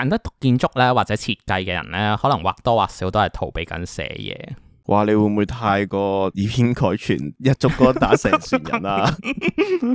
揾得讀建築咧，或者設計嘅人咧，可能或多或少都係逃避緊寫嘢。哇！你會唔會太過以偏概全，一竹篙打成船人啊？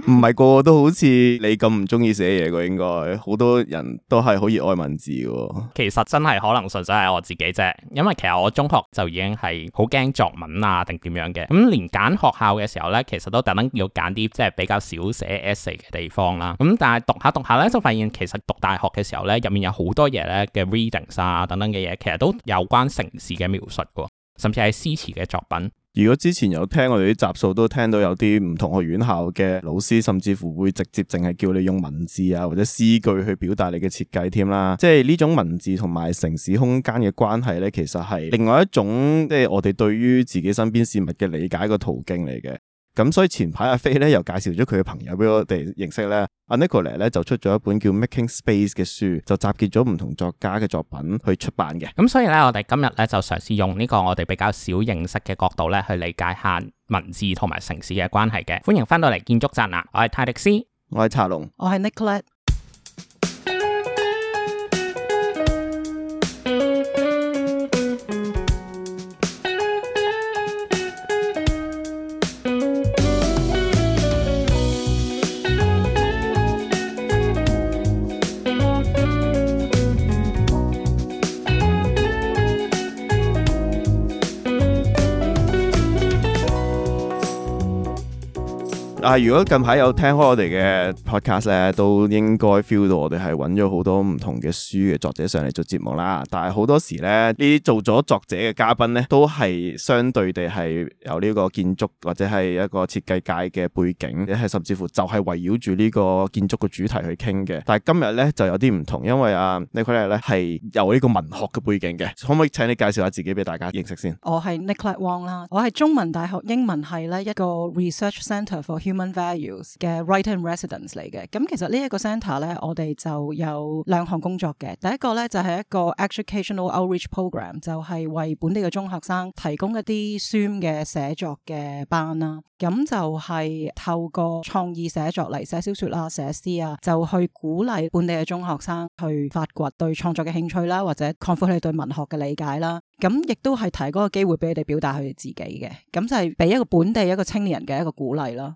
唔係個個都好似你咁唔中意寫嘢嘅，應該好多人都係好熱愛文字嘅。其實真係可能純粹係我自己啫，因為其實我中學就已經係好驚作文啊，定點樣嘅咁。連揀學校嘅時候呢，其實都特登要揀啲即係比較少寫 essay 嘅地方啦。咁但係讀下讀下呢，就發現其實讀大學嘅時候呢，入面有好多嘢呢嘅 readings、啊、等等嘅嘢，其實都有關城市嘅描述嘅。甚至係詩詞嘅作品。如果之前有聽我哋啲集數，都聽到有啲唔同學院校嘅老師，甚至乎會直接淨係叫你用文字啊或者詩句去表達你嘅設計添啦。即係呢種文字同埋城市空間嘅關係呢，其實係另外一種即係、就是、我哋對於自己身邊事物嘅理解個途徑嚟嘅。咁所以前排阿飛咧又介紹咗佢嘅朋友俾我哋認識咧，阿 Nicolette 咧就出咗一本叫《Making Space》嘅書，就集結咗唔同作家嘅作品去出版嘅。咁所以咧，我哋今日咧就嘗試用呢個我哋比較少認識嘅角度咧去理解下文字同埋城市嘅關係嘅。歡迎翻到嚟建築宅男啦，我係泰迪斯，我係查龍，我係 Nicolette。啊！如果近排有聽開我哋嘅 podcast 咧，都應該 feel 到我哋係揾咗好多唔同嘅書嘅作者上嚟做節目啦。但係好多時咧，呢啲做咗作者嘅嘉賓咧，都係相對地係有呢個建築或者係一個設計界嘅背景，亦係甚至乎就係圍繞住呢個建築嘅主題去傾嘅。但係今日咧就有啲唔同，因為阿 Nicolette 咧係有呢個文學嘅背景嘅，可唔可以請你介紹下自己俾大家認識先？我係 Nicolette Wong 啦，我係中文大學英文系咧一個 research centre for human Values 嘅 Writer in Residence 嚟嘅，咁其實呢一個 centre 咧，我哋就有兩項工作嘅。第一個咧就係一個 Educational Outreach Program，就係為本地嘅中學生提供一啲書嘅寫作嘅班啦。咁就係透過創意寫作嚟寫小說啦，寫詩啊，就去鼓勵本地嘅中學生去發掘對創作嘅興趣啦，或者擴闊你對文學嘅理解啦。咁亦都係提供個機會俾你哋表達佢哋自己嘅，咁就係俾一個本地一個青年人嘅一個鼓勵啦。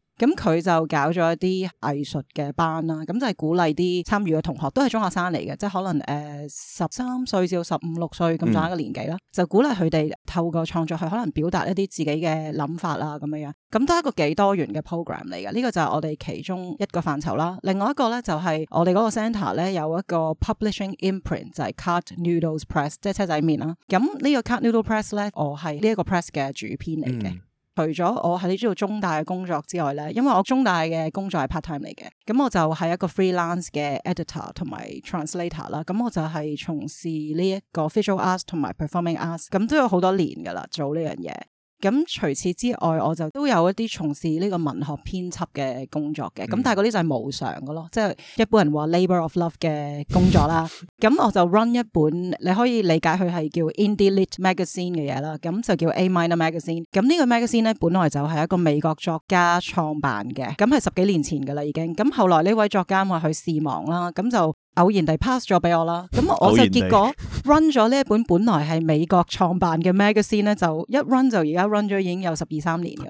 咁佢就搞咗一啲藝術嘅班啦，咁就係鼓勵啲參與嘅同學，都係中學生嚟嘅，即係可能誒十三歲至到十五六歲咁上下嘅年紀啦，嗯、就鼓勵佢哋透過創作去可能表達一啲自己嘅諗法啊咁樣樣，咁都係一個幾多元嘅 program 嚟嘅，呢個就係我哋其中一個範疇啦。另外一個咧就係我哋嗰個 center 咧有一個 publishing imprint 就係 Cut Noodles Press，即係車仔麵啦。咁、這、呢個 Cut Noodles Press 咧，我係呢一個 press 嘅主編嚟嘅。嗯除咗我喺呢度中大嘅工作之外咧，因為我中大嘅工作係 part time 嚟嘅，咁我就係一個 freelance 嘅 editor 同埋 translator 啦，咁我就係從事呢一個 visual arts 同埋 performing arts，咁都有好多年噶啦，做呢樣嘢。咁除此之外，我就都有一啲從事呢個文學編輯嘅工作嘅，咁、嗯、但係嗰啲就係無償嘅咯，即係一般人話 labor of love 嘅工作啦。咁 我就 run 一本，你可以理解佢係叫 indie lit magazine 嘅嘢啦，咁就叫 A minor magazine。咁呢個 magazine 咧，本來就係一個美國作家創辦嘅，咁係十幾年前嘅啦，已經。咁後來呢位作家話佢事忙啦，咁就偶然地 pass 咗俾我啦，咁我就結果 run 咗呢一本本來係美國創辦嘅 magazine 咧，就一 run 就而家 run 咗已經有十二三年啦。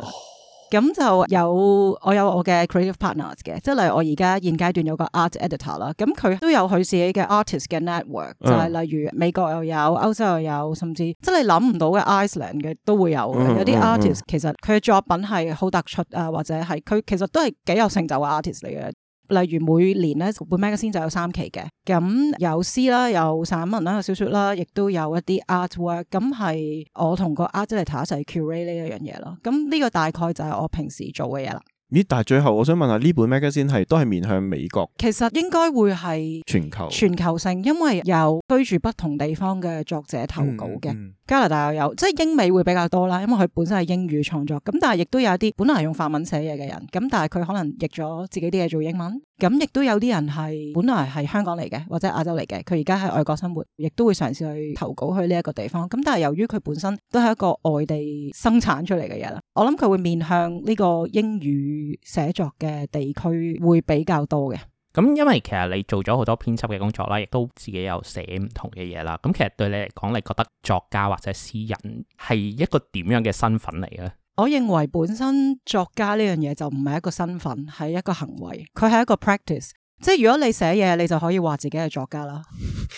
咁 就有我有我嘅 creative partners 嘅，即係例如我而家現階段有個 art editor 啦，咁佢都有佢自己嘅 artist 嘅 network，、嗯、就係例如美國又有歐洲又有，甚至即係你諗唔到嘅 Iceland 嘅都會有、嗯嗯、有啲 artist、嗯嗯、其實佢嘅作品係好突出啊，或者係佢其實都係幾有成就嘅 artist 嚟嘅。例如每年咧本 magazine 就有三期嘅，咁有詩啦，有散文啦，有小説啦，亦都有一啲 artwork，咁係我同個 artist 一齊 curate 呢一樣嘢咯。咁呢個大概就係我平時做嘅嘢啦。咦，但係最後我想問下，呢本 magazine 係都係面向美國？其實應該會係全球全球性，因為有居住不同地方嘅作者投稿嘅。嗯嗯、加拿大又有，即係英美會比較多啦，因為佢本身係英語創作。咁但係亦都有一啲本來係用法文寫嘢嘅人，咁但係佢可能譯咗自己啲嘢做英文。咁亦都有啲人係本來係香港嚟嘅，或者亞洲嚟嘅，佢而家喺外國生活，亦都會嘗試去投稿去呢一個地方。咁但係由於佢本身都係一個外地生產出嚟嘅嘢啦，我諗佢會面向呢個英語寫作嘅地區會比較多嘅。咁、嗯、因為其實你做咗好多編輯嘅工作啦，亦都自己有寫唔同嘅嘢啦。咁、嗯、其實對你嚟講，你覺得作家或者詩人係一個點樣嘅身份嚟嘅？我認為本身作家呢樣嘢就唔係一個身份，係一個行為，佢係一個 practice。即係如果你寫嘢，你就可以話自己係作家啦。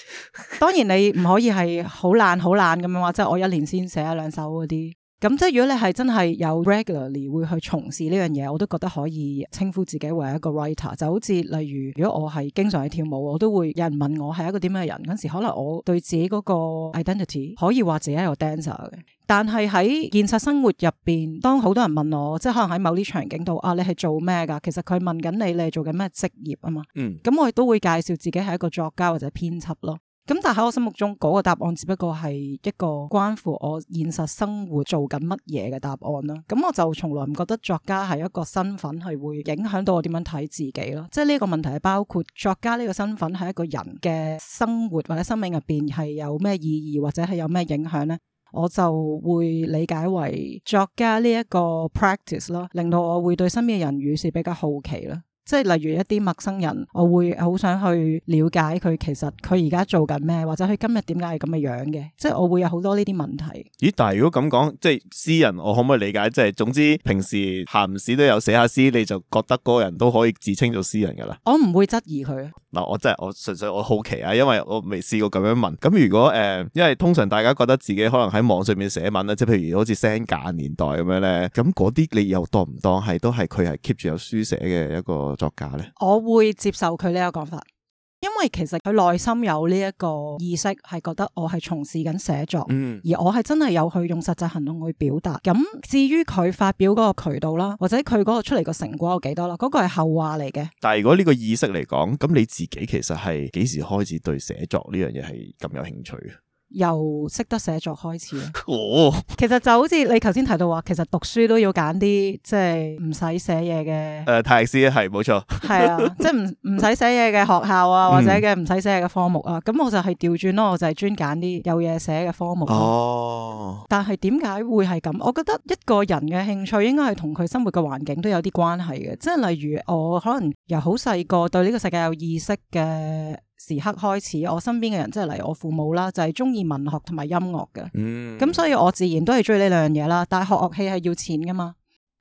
當然你唔可以係好懶好懶咁樣話，即係我一年先寫一兩首嗰啲。咁即係如果你係真係有 regularly 會去從事呢樣嘢，我都覺得可以稱呼自己為一個 writer。就好似例如，如果我係經常去跳舞，我都會有人問我係一個點樣嘅人。嗰時可能我對自己嗰個 identity 可以話自己係一個 dancer 嘅。但係喺現實生活入邊，當好多人問我，即係可能喺某啲場景度啊，你係做咩㗎？其實佢問緊你，你係做緊咩職業啊嘛。咁、嗯、我亦都會介紹自己係一個作家或者編輯咯。咁但係喺我心目中，嗰、那個答案只不過係一個關乎我現實生活做緊乜嘢嘅答案咯。咁、嗯、我就從來唔覺得作家係一個身份係會影響到我點樣睇自己咯。即係呢個問題係包括作家呢個身份喺一個人嘅生活或者生命入邊係有咩意義或者係有咩影響咧？我就會理解為作家呢一個 practice 咯，令到我會對身邊嘅人與事比較好奇咯。即係例如一啲陌生人，我會好想去了解佢，其實佢而家做緊咩，或者佢今日點解係咁嘅樣嘅？即係我會有好多呢啲問題。咦？但係如果咁講，即係詩人，我可唔可以理解？即係總之平時閒時都有寫下詩，你就覺得嗰個人都可以自稱做詩人噶啦？我唔會質疑佢。嗱、呃，我真係我純粹我好奇啊，因為我未試過咁樣問。咁如果誒、呃，因為通常大家覺得自己可能喺網上面寫文咧，即係譬如好似 send 假年代咁樣咧，咁嗰啲你又當唔當係都係佢係 keep 住有書寫嘅一個？作家呢，我會接受佢呢個講法，因為其實佢內心有呢一個意識，係覺得我係從事緊寫作，嗯，而我係真係有去用實際行動去表達。咁至於佢發表嗰個渠道啦，或者佢嗰個出嚟個成果有幾多啦，嗰、那個係後話嚟嘅。但係如果呢個意識嚟講，咁你自己其實係幾時開始對寫作呢樣嘢係咁有興趣嘅？由識得寫作開始哦，oh. 其實就好似你頭先提到話，其實讀書都要揀啲即係唔使寫嘢嘅。誒、就是，uh, Thesis，係，冇錯，係啊， 即係唔唔使寫嘢嘅學校啊，或者嘅唔使寫嘢嘅科目啊。咁我就係調轉咯，我就係專揀啲有嘢寫嘅科目，啊。哦，oh. 但係點解會係咁？我覺得一個人嘅興趣應該係同佢生活嘅環境都有啲關係嘅。即係例如我可能由好細個對呢個世界有意識嘅時刻開始，我身邊嘅人即係嚟我父母啦，就係中意文學同埋音樂嘅。咁、嗯、所以我自然都係中意呢兩樣嘢啦。但係學樂器係要錢噶嘛，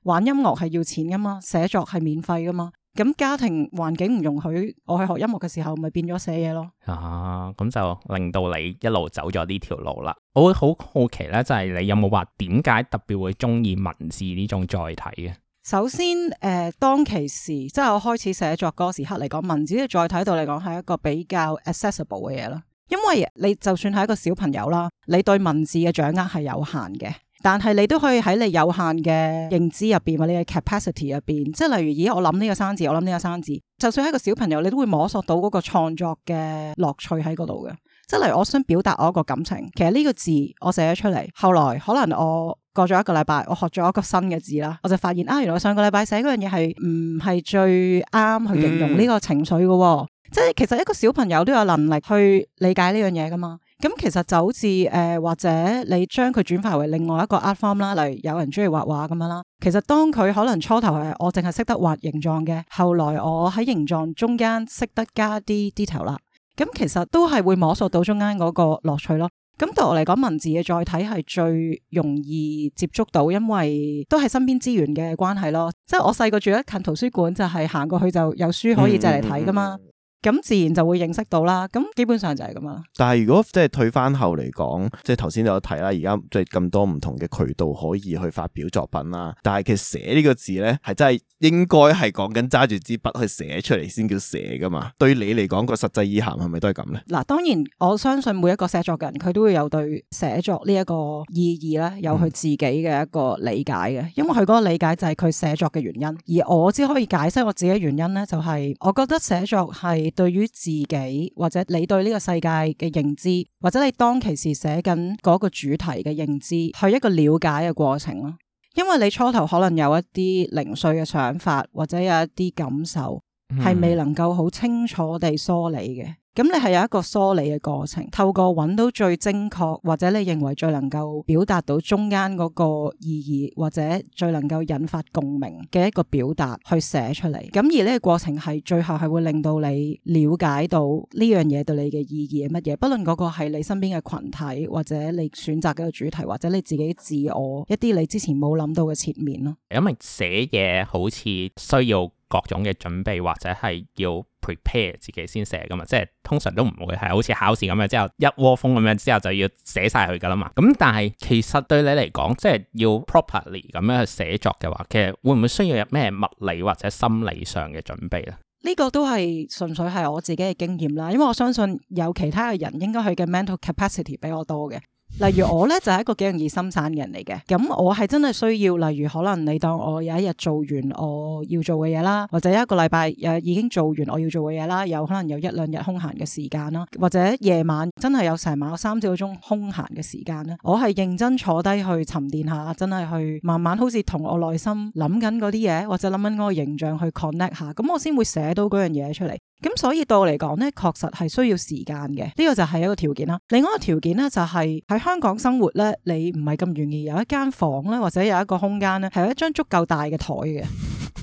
玩音樂係要錢噶嘛，寫作係免費噶嘛。咁家庭環境唔容許我去學音樂嘅時候，咪變咗寫嘢咯。啊，咁就令到你一路走咗呢條路啦。我會好好，好奇咧，就係、是、你有冇話點解特別會中意文字呢種載體嘅？首先，誒、呃、當其時，即係我開始寫作嗰時刻嚟講，文字嘅載體度嚟講係一個比較 accessible 嘅嘢咯。因為你就算係一個小朋友啦，你對文字嘅掌握係有限嘅，但係你都可以喺你有限嘅認知入邊或者你嘅 capacity 入邊，即係例如咦，我諗呢個生字，我諗呢個生字，就算係一個小朋友，你都會摸索到嗰個創作嘅樂趣喺嗰度嘅。即嚟，我想表達我一個感情，其實呢個字我寫咗出嚟。後來可能我過咗一個禮拜，我學咗一個新嘅字啦，我就發現啊，原來我上個禮拜寫嗰樣嘢係唔係最啱去形容呢個情緒嘅，哦。嗯、即係其實一個小朋友都有能力去理解呢樣嘢噶嘛。咁、嗯、其實就好似誒、呃，或者你將佢轉化為另外一個 art form 啦，例如有人中意畫畫咁樣啦。其實當佢可能初頭係，我淨係識得畫形狀嘅，後來我喺形狀中間識得加啲 detail 啦。咁其實都係會摸索到中間嗰個樂趣咯。咁對我嚟講，文字嘅載體係最容易接觸到，因為都係身邊資源嘅關係咯。即係我細個住喺近圖書館，就係行過去就有書可以借嚟睇噶嘛。嗯嗯嗯嗯。咁自然就會認識到啦。咁基本上就係咁啦。但係如果即係退翻後嚟講，即係頭先有睇啦，而家即係咁多唔同嘅渠道可以去發表作品啦。但係其實寫呢個字咧，係真係應該係講緊揸住支筆去寫出嚟先叫寫噶嘛。對你嚟講，個實際意涵係咪都係咁咧？嗱，當然我相信每一個寫作人佢都會有對寫作呢一個意義咧，有佢自己嘅一個理解嘅。嗯、因為佢嗰個理解就係佢寫作嘅原因。而我只可以解釋我自己嘅原因咧，就係我覺得寫作係，對於自己或者你對呢個世界嘅認知，或者你當其時寫緊嗰個主題嘅認知，係一個了解嘅過程咯。因為你初頭可能有一啲零碎嘅想法，或者有一啲感受，係未能夠好清楚地梳理嘅。咁你係有一個梳理嘅過程，透過搵到最精確或者你認為最能夠表達到中間嗰個意義，或者最能夠引發共鳴嘅一個表達去寫出嚟。咁而呢個過程係最後係會令到你了解到呢樣嘢對你嘅意義係乜嘢，不論嗰個係你身邊嘅群體，或者你選擇嘅個主題，或者你自己自我一啲你之前冇諗到嘅切面咯。因為寫嘢好似需要。各種嘅準備或者係要 prepare 自己先寫噶嘛，即係通常都唔會係好似考試咁樣之後一窩蜂咁樣之後就要寫晒佢噶啦嘛。咁但係其實對你嚟講，即係要 properly 咁樣去寫作嘅話，其實會唔會需要有咩物理或者心理上嘅準備咧？呢個都係純粹係我自己嘅經驗啦，因為我相信有其他嘅人應該佢嘅 mental capacity 比我多嘅。例如我咧， 就係一個幾容易心散嘅人嚟嘅，咁我係真係需要，例如可能你當我有一日做完我要做嘅嘢啦，或者一個禮拜又已經做完我要做嘅嘢啦，有可能有一兩日空閒嘅時間啦，或者夜晚真係有成晚三四個鐘空閒嘅時間咧，我係認真坐低去沉澱下，真係去慢慢好似同我內心諗緊嗰啲嘢，或者諗緊嗰個形象去 connect 下，咁我先會寫到嗰樣嘢出嚟。咁所以對我嚟講咧，確實係需要時間嘅，呢、這個就係一個條件啦。另外一個條件咧，就係、是、喺香港生活咧，你唔係咁願意有一間房咧，或者有一個空間咧，係有一張足夠大嘅台嘅。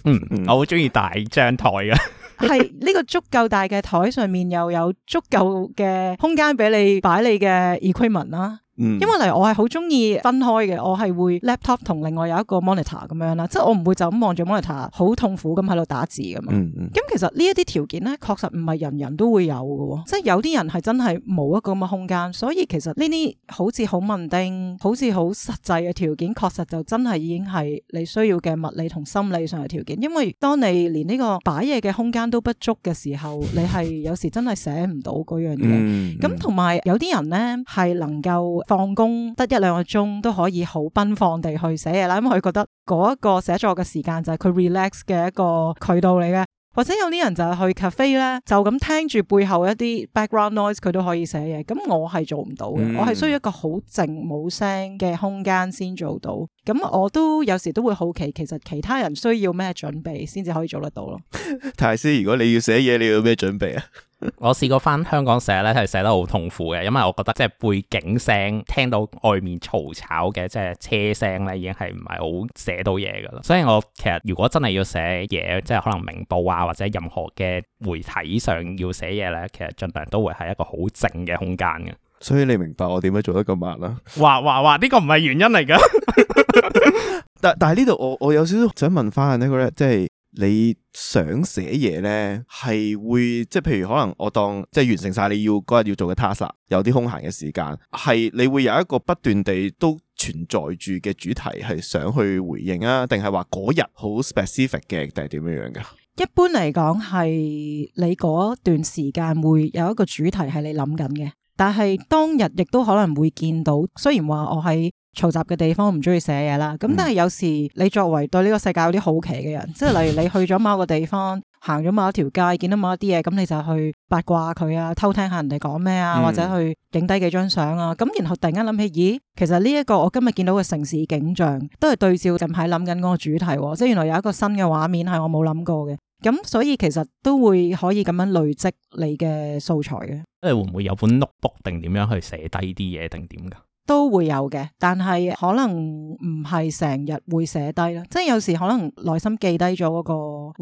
嗯，我好中意大張台嘅。係 呢、這個足夠大嘅台上面又有足夠嘅空間俾你擺你嘅 equipment 啦。因為嚟我係好中意分開嘅，我係會 laptop 同另外有一個 monitor 咁樣啦，即係我唔會就咁望住 monitor，好痛苦咁喺度打字咁啊。咁 其實條呢一啲條件咧，確實唔係人人都會有嘅，即係有啲人係真係冇一個咁嘅空間。所以其實呢啲好似好穩定、好似好實際嘅條件，確實就真係已經係你需要嘅物理同心理上嘅條件。因為當你連呢個擺嘢嘅空間都不足嘅時候，你係有時真係寫唔到嗰樣嘢。咁同埋有啲人咧係能夠。放工得一兩個鐘都可以好奔放地去寫嘢啦，咁佢覺得嗰一個寫作嘅時間就係佢 relax 嘅一個渠道嚟嘅。或者有啲人就係去 cafe 咧，就咁聽住背後一啲 background noise，佢都可以寫嘢。咁我係做唔到嘅，嗯、我係需要一個好靜冇聲嘅空間先做到。咁我都有時都會好奇，其實其他人需要咩準備先至可以做得到咯？ 泰斯，如果你要寫嘢，你要有咩準備啊？ 我試過翻香港寫咧，係寫得好痛苦嘅，因為我覺得即係背景聲聽到外面嘈吵嘅，即係車聲咧，已經係唔係好寫到嘢噶啦所以，我其實如果真係要寫嘢，即係可能明報啊或者任何嘅媒體上要寫嘢咧，其實盡量都會係一個好靜嘅空間嘅。所以你明白我點解做得咁慢啦？哇哇哇，呢個唔係原因嚟噶 但但係呢度我我有少少想問翻呢個咧，即係。你想寫嘢呢，係會即係譬如可能我當即係完成晒你要嗰日要做嘅 task，有啲空閒嘅時間，係你會有一個不斷地都存在住嘅主題係想去回應啊，定係話嗰日好 specific 嘅定係點樣樣㗎？一般嚟講係你嗰段時間會有一個主題係你諗緊嘅，但係當日亦都可能會見到，雖然話我係嘈雜嘅地方唔中意寫嘢啦，咁但係有時你作為對呢個世界有啲好奇嘅人，嗯、即係例如你去咗某個地方， 行咗某一條街，見到某一啲嘢，咁你就去八卦佢啊，偷聽下人哋講咩啊，或者去影低幾張相啊，咁、嗯、然後突然間諗起，咦，其實呢一個我今日見到嘅城市景象，都係對照近排諗緊嗰個主題，即係原來有一個新嘅畫面係我冇諗過嘅，咁所以其實都會可以咁樣累積你嘅素材嘅。即係會唔會有本 notebook 定點樣去寫低啲嘢定點噶？都會有嘅，但係可能唔係成日會寫低啦。即係有時可能內心記低咗嗰個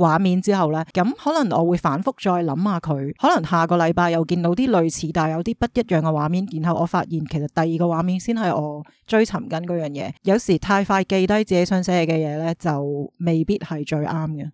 畫面之後咧，咁可能我會反覆再諗下佢。可能下個禮拜又見到啲類似，但係有啲不一樣嘅畫面。然後我發現其實第二個畫面先係我追尋緊嗰樣嘢。有時太快記低自己想寫嘅嘢咧，就未必係最啱嘅。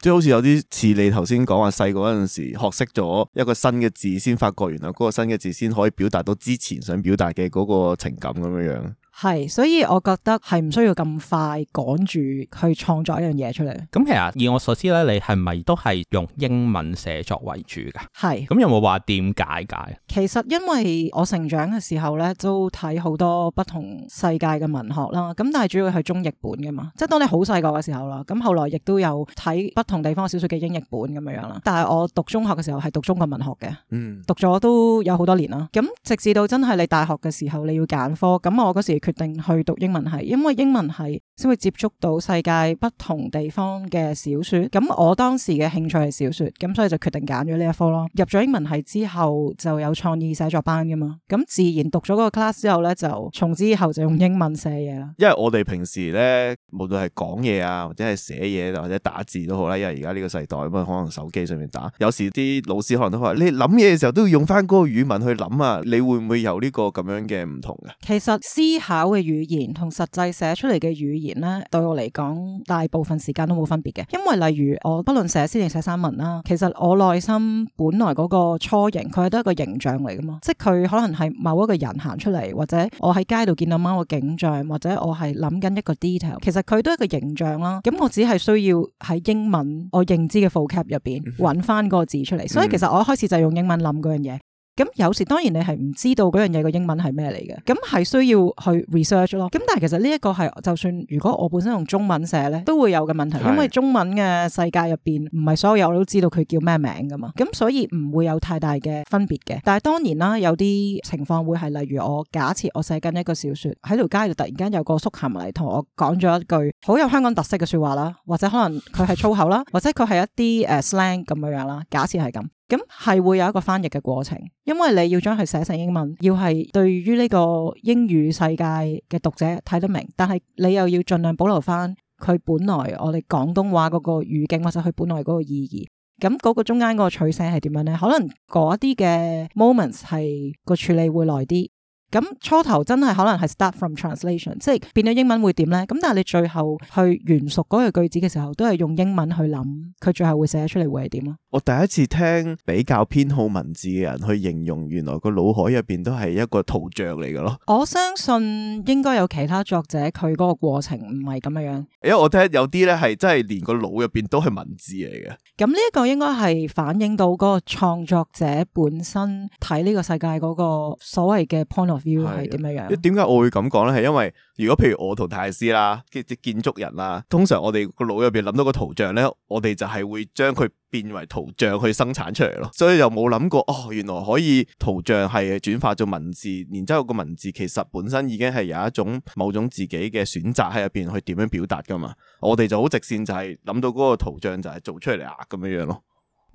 即係好似有啲似你頭先講話，細個嗰陣時學識咗一個新嘅字，先發覺原來嗰個新嘅字先可以表達到之前想表達嘅嗰個情感咁樣樣。係，所以我覺得係唔需要咁快趕住去創作一樣嘢出嚟。咁其實以我所知咧，你係咪都係用英文寫作為主噶？係是。咁有冇話點解解？其實因為我成長嘅時候咧，都睇好多不同世界嘅文學啦。咁但係主要係中譯本嘅嘛，即係當你好細個嘅時候啦。咁後來亦都有睇不同地方小說嘅英譯本咁樣樣啦。但係我讀中學嘅時候係讀中國文學嘅，嗯，讀咗都有好多年啦。咁直至到真係你大學嘅時候你要揀科，咁我嗰時。決定去讀英文係，因為英文係先會接觸到世界不同地方嘅小說。咁我當時嘅興趣係小說，咁所以就決定揀咗呢一科咯。入咗英文係之後，就有創意寫作班噶嘛。咁自然讀咗嗰個 class 之後咧，就從此以後就用英文寫嘢啦。因為我哋平時咧，無論係講嘢啊，或者係寫嘢，或者打字都好啦。因為而家呢個世代咁啊，可能手機上面打，有時啲老師可能都話，你諗嘢嘅時候都要用翻嗰個語文去諗啊。你會唔會有呢個咁樣嘅唔同啊？其實思考。嘅語言同實際寫出嚟嘅語言咧，對我嚟講，大部分時間都冇分別嘅。因為例如我不論寫詩定寫散文啦，其實我內心本來嗰個初形，佢係都係一個形象嚟噶嘛，即係佢可能係某一個人行出嚟，或者我喺街度見到某個景象，或者我係諗緊一個 detail，其實佢都係一個形象啦。咁我只係需要喺英文我認知嘅 vocab 入邊揾翻個字出嚟， 所以其實我一開始就係用英文諗嗰樣嘢。咁有時當然你係唔知道嗰樣嘢嘅英文係咩嚟嘅，咁係需要去 research 咯。咁但係其實呢一個係就算如果我本身用中文寫咧，都會有嘅問題，因為中文嘅世界入邊唔係所有嘢我都知道佢叫咩名噶嘛。咁所以唔會有太大嘅分別嘅。但係當然啦，有啲情況會係例如我假設我寫緊一個小説，喺條街度突然間有個縮行嚟同我講咗一句好有香港特色嘅説話啦，或者可能佢係粗口啦，或者佢係一啲誒 slang 咁樣樣啦。假設係咁。咁係、嗯、會有一個翻譯嘅過程，因為你要將佢寫成英文，要係對於呢個英語世界嘅讀者睇得明，但係你又要盡量保留翻佢本來我哋廣東話嗰個語境或者佢本來嗰個意義，咁、嗯、嗰、嗰個中間個取捨係點樣咧？可能嗰啲嘅 moments 係個處理會耐啲。咁初頭真係可能係 start from translation，即係變咗英文會點咧？咁但係你最後去原熟嗰個句子嘅時候，都係用英文去諗，佢最後會寫出嚟會係點啊？我第一次聽比較偏好文字嘅人去形容，原來個腦海入邊都係一個圖像嚟嘅咯。我相信應該有其他作者，佢嗰個過程唔係咁樣樣。因為我聽有啲咧係真係連個腦入邊都係文字嚟嘅。咁呢一個應該係反映到嗰個創作者本身睇呢個世界嗰個所謂嘅 point 係點解我會咁講咧？係因為如果譬如我同太師啦，即係建築人啦，通常我哋個腦入邊諗到個圖像咧，我哋就係會將佢變為圖像去生產出嚟咯。所以就冇諗過哦，原來可以圖像係轉化做文字，然之後個文字其實本身已經係有一種某種自己嘅選擇喺入邊去點樣表達噶嘛。我哋就好直線就係諗到嗰個圖像就係做出嚟啊，咁樣樣咯。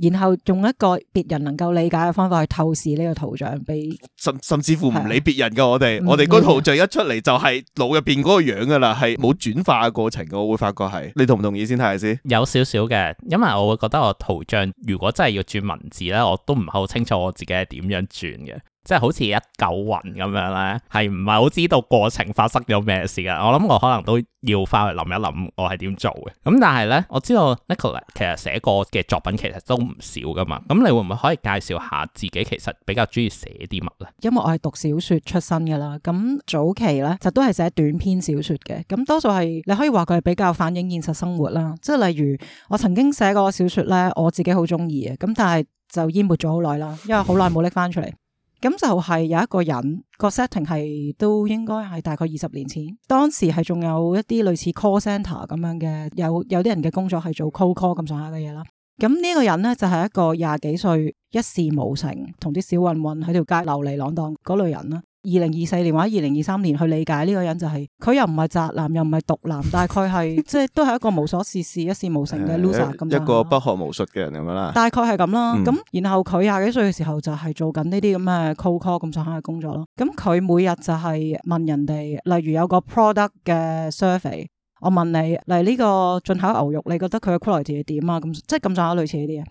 然後用一個別人能夠理解嘅方法去透視呢個圖像俾甚甚至乎唔理別人噶，的我哋我哋嗰圖像一出嚟就係腦入邊嗰個樣噶啦，係冇轉化嘅過程噶，我會發覺係你同唔同意先睇下先。有少少嘅，因為我會覺得我圖像如果真係要轉文字咧，我都唔係好清楚我自己係點樣轉嘅。即係好似一嚿雲咁樣咧，係唔係好知道過程發生咗咩事嘅？我諗我可能都要翻去諗一諗，我係點做嘅。咁但係咧，我知道 Nicolette 其實寫過嘅作品其實都唔少噶嘛。咁你會唔會可以介紹下自己？其實比較中意寫啲乜咧？因為我係讀小說出身噶啦，咁早期咧就都係寫短篇小說嘅。咁多數係你可以話佢係比較反映現實生活啦。即係例如我曾經寫過小說咧，我自己好中意嘅。咁但係就淹沒咗好耐啦，因為好耐冇拎翻出嚟。 咁就係有一個人個 setting 係都應該係大概二十年前，當時係仲有一啲類似 call centre 咁樣嘅，有有啲人嘅工作係做 call call 咁上下嘅嘢啦。咁呢個人咧就係、是、一個廿幾歲一事無成，同啲小混混喺條街流離浪蕩嗰類人啦。二零二四年或者二零二三年去理解呢個人，就係佢又唔係宅男又唔係毒男， 大概係即係都係一個無所事事一事無成嘅 loser，咁一個不學無術嘅人咁樣啦。大概係咁啦，咁、嗯、然後佢廿幾歲嘅時候就係做緊呢啲咁嘅 cold call 咁上下嘅工作咯。咁佢每日就係問人哋，例如有個 product 嘅 survey，我問你嚟呢個進口牛肉你覺得佢嘅 quality 係點啊？咁即係咁上下類似呢啲。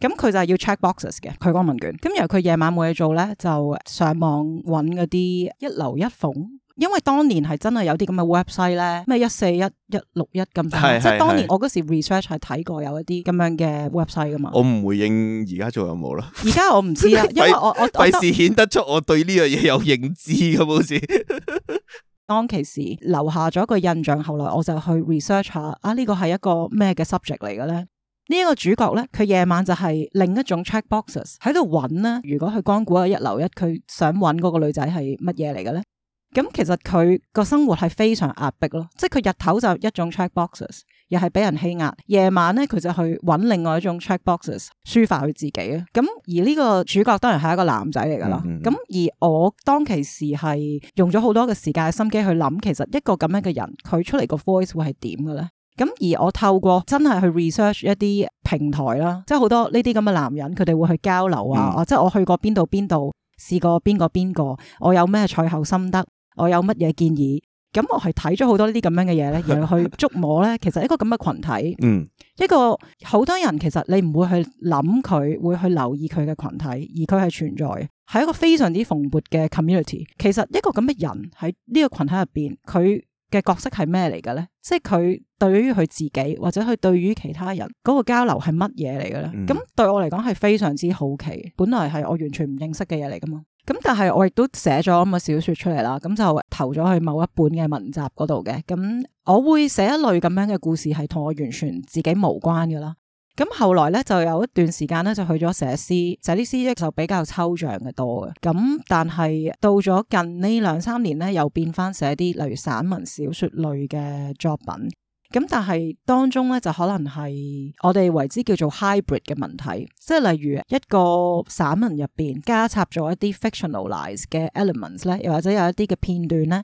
咁佢就係要 check boxes 嘅，佢講問卷。咁然後佢夜晚冇嘢做咧，就上網揾嗰啲一樓一鳳，因為當年係真係有啲咁嘅 website 咧，咩一四一一六一咁，是是是即係當年是是我嗰時 research 係睇過有一啲咁樣嘅 website 噶嘛。我唔回應而家仲有冇啦，而家我唔知啊，因為我 我費事顯得出我對呢樣嘢有認知㗎好似。當其時留下咗一個印象，後來我就去 research 下，啊呢個係一個咩嘅 subject 嚟嘅咧？呢一個主角咧，佢夜晚就係另一種 check boxes 喺度揾咧。如果去光顧一樓一，佢想揾嗰個女仔係乜嘢嚟嘅咧？咁其實佢個生活係非常壓迫咯，即係佢日頭就一種 check boxes，又係俾人欺壓。夜晚咧，佢就去揾另外一種 check boxes 抒發佢自己咯。咁而呢個主角當然係一個男仔嚟噶啦。咁、mm hmm. 而我當其時係用咗好多嘅時間嘅心機去諗，其實一個咁樣嘅人，佢出嚟個 voice 會係點嘅咧？咁而我透過真係去 research 一啲平台啦，即係好多呢啲咁嘅男人，佢哋會去交流、嗯、啊！或者我去過邊度邊度，試過邊個邊個，我有咩賽後心得，我有乜嘢建議。咁我係睇咗好多呢啲咁樣嘅嘢咧，而去觸摸咧， 其實一個咁嘅羣體，嗯、一個好多人其實你唔會去諗佢，會去留意佢嘅群體，而佢係存在，係一個非常之蓬勃嘅 community。其實一個咁嘅人喺呢個群體入邊，佢嘅角色係咩嚟嘅咧？即係佢對於佢自己或者佢對於其他人嗰個交流係乜嘢嚟嘅咧？咁、嗯、對我嚟講係非常之好奇，本來係我完全唔認識嘅嘢嚟噶嘛。咁但係我亦都寫咗咁嘅小說出嚟啦，咁就投咗去某一本嘅文集嗰度嘅。咁我會寫一類咁樣嘅故事，係同我完全自己無關嘅啦。咁後來咧就有一段時間咧就去咗寫詩，寫啲詩咧就比較抽象嘅多嘅。咁但係到咗近呢兩三年咧，又變翻寫啲例如散文、小説類嘅作品。咁但係當中咧就可能係我哋為之叫做 hybrid 嘅文體，即係例如一個散文入邊加插咗一啲 fictionalized 嘅 elements 咧，又或者有一啲嘅片段咧。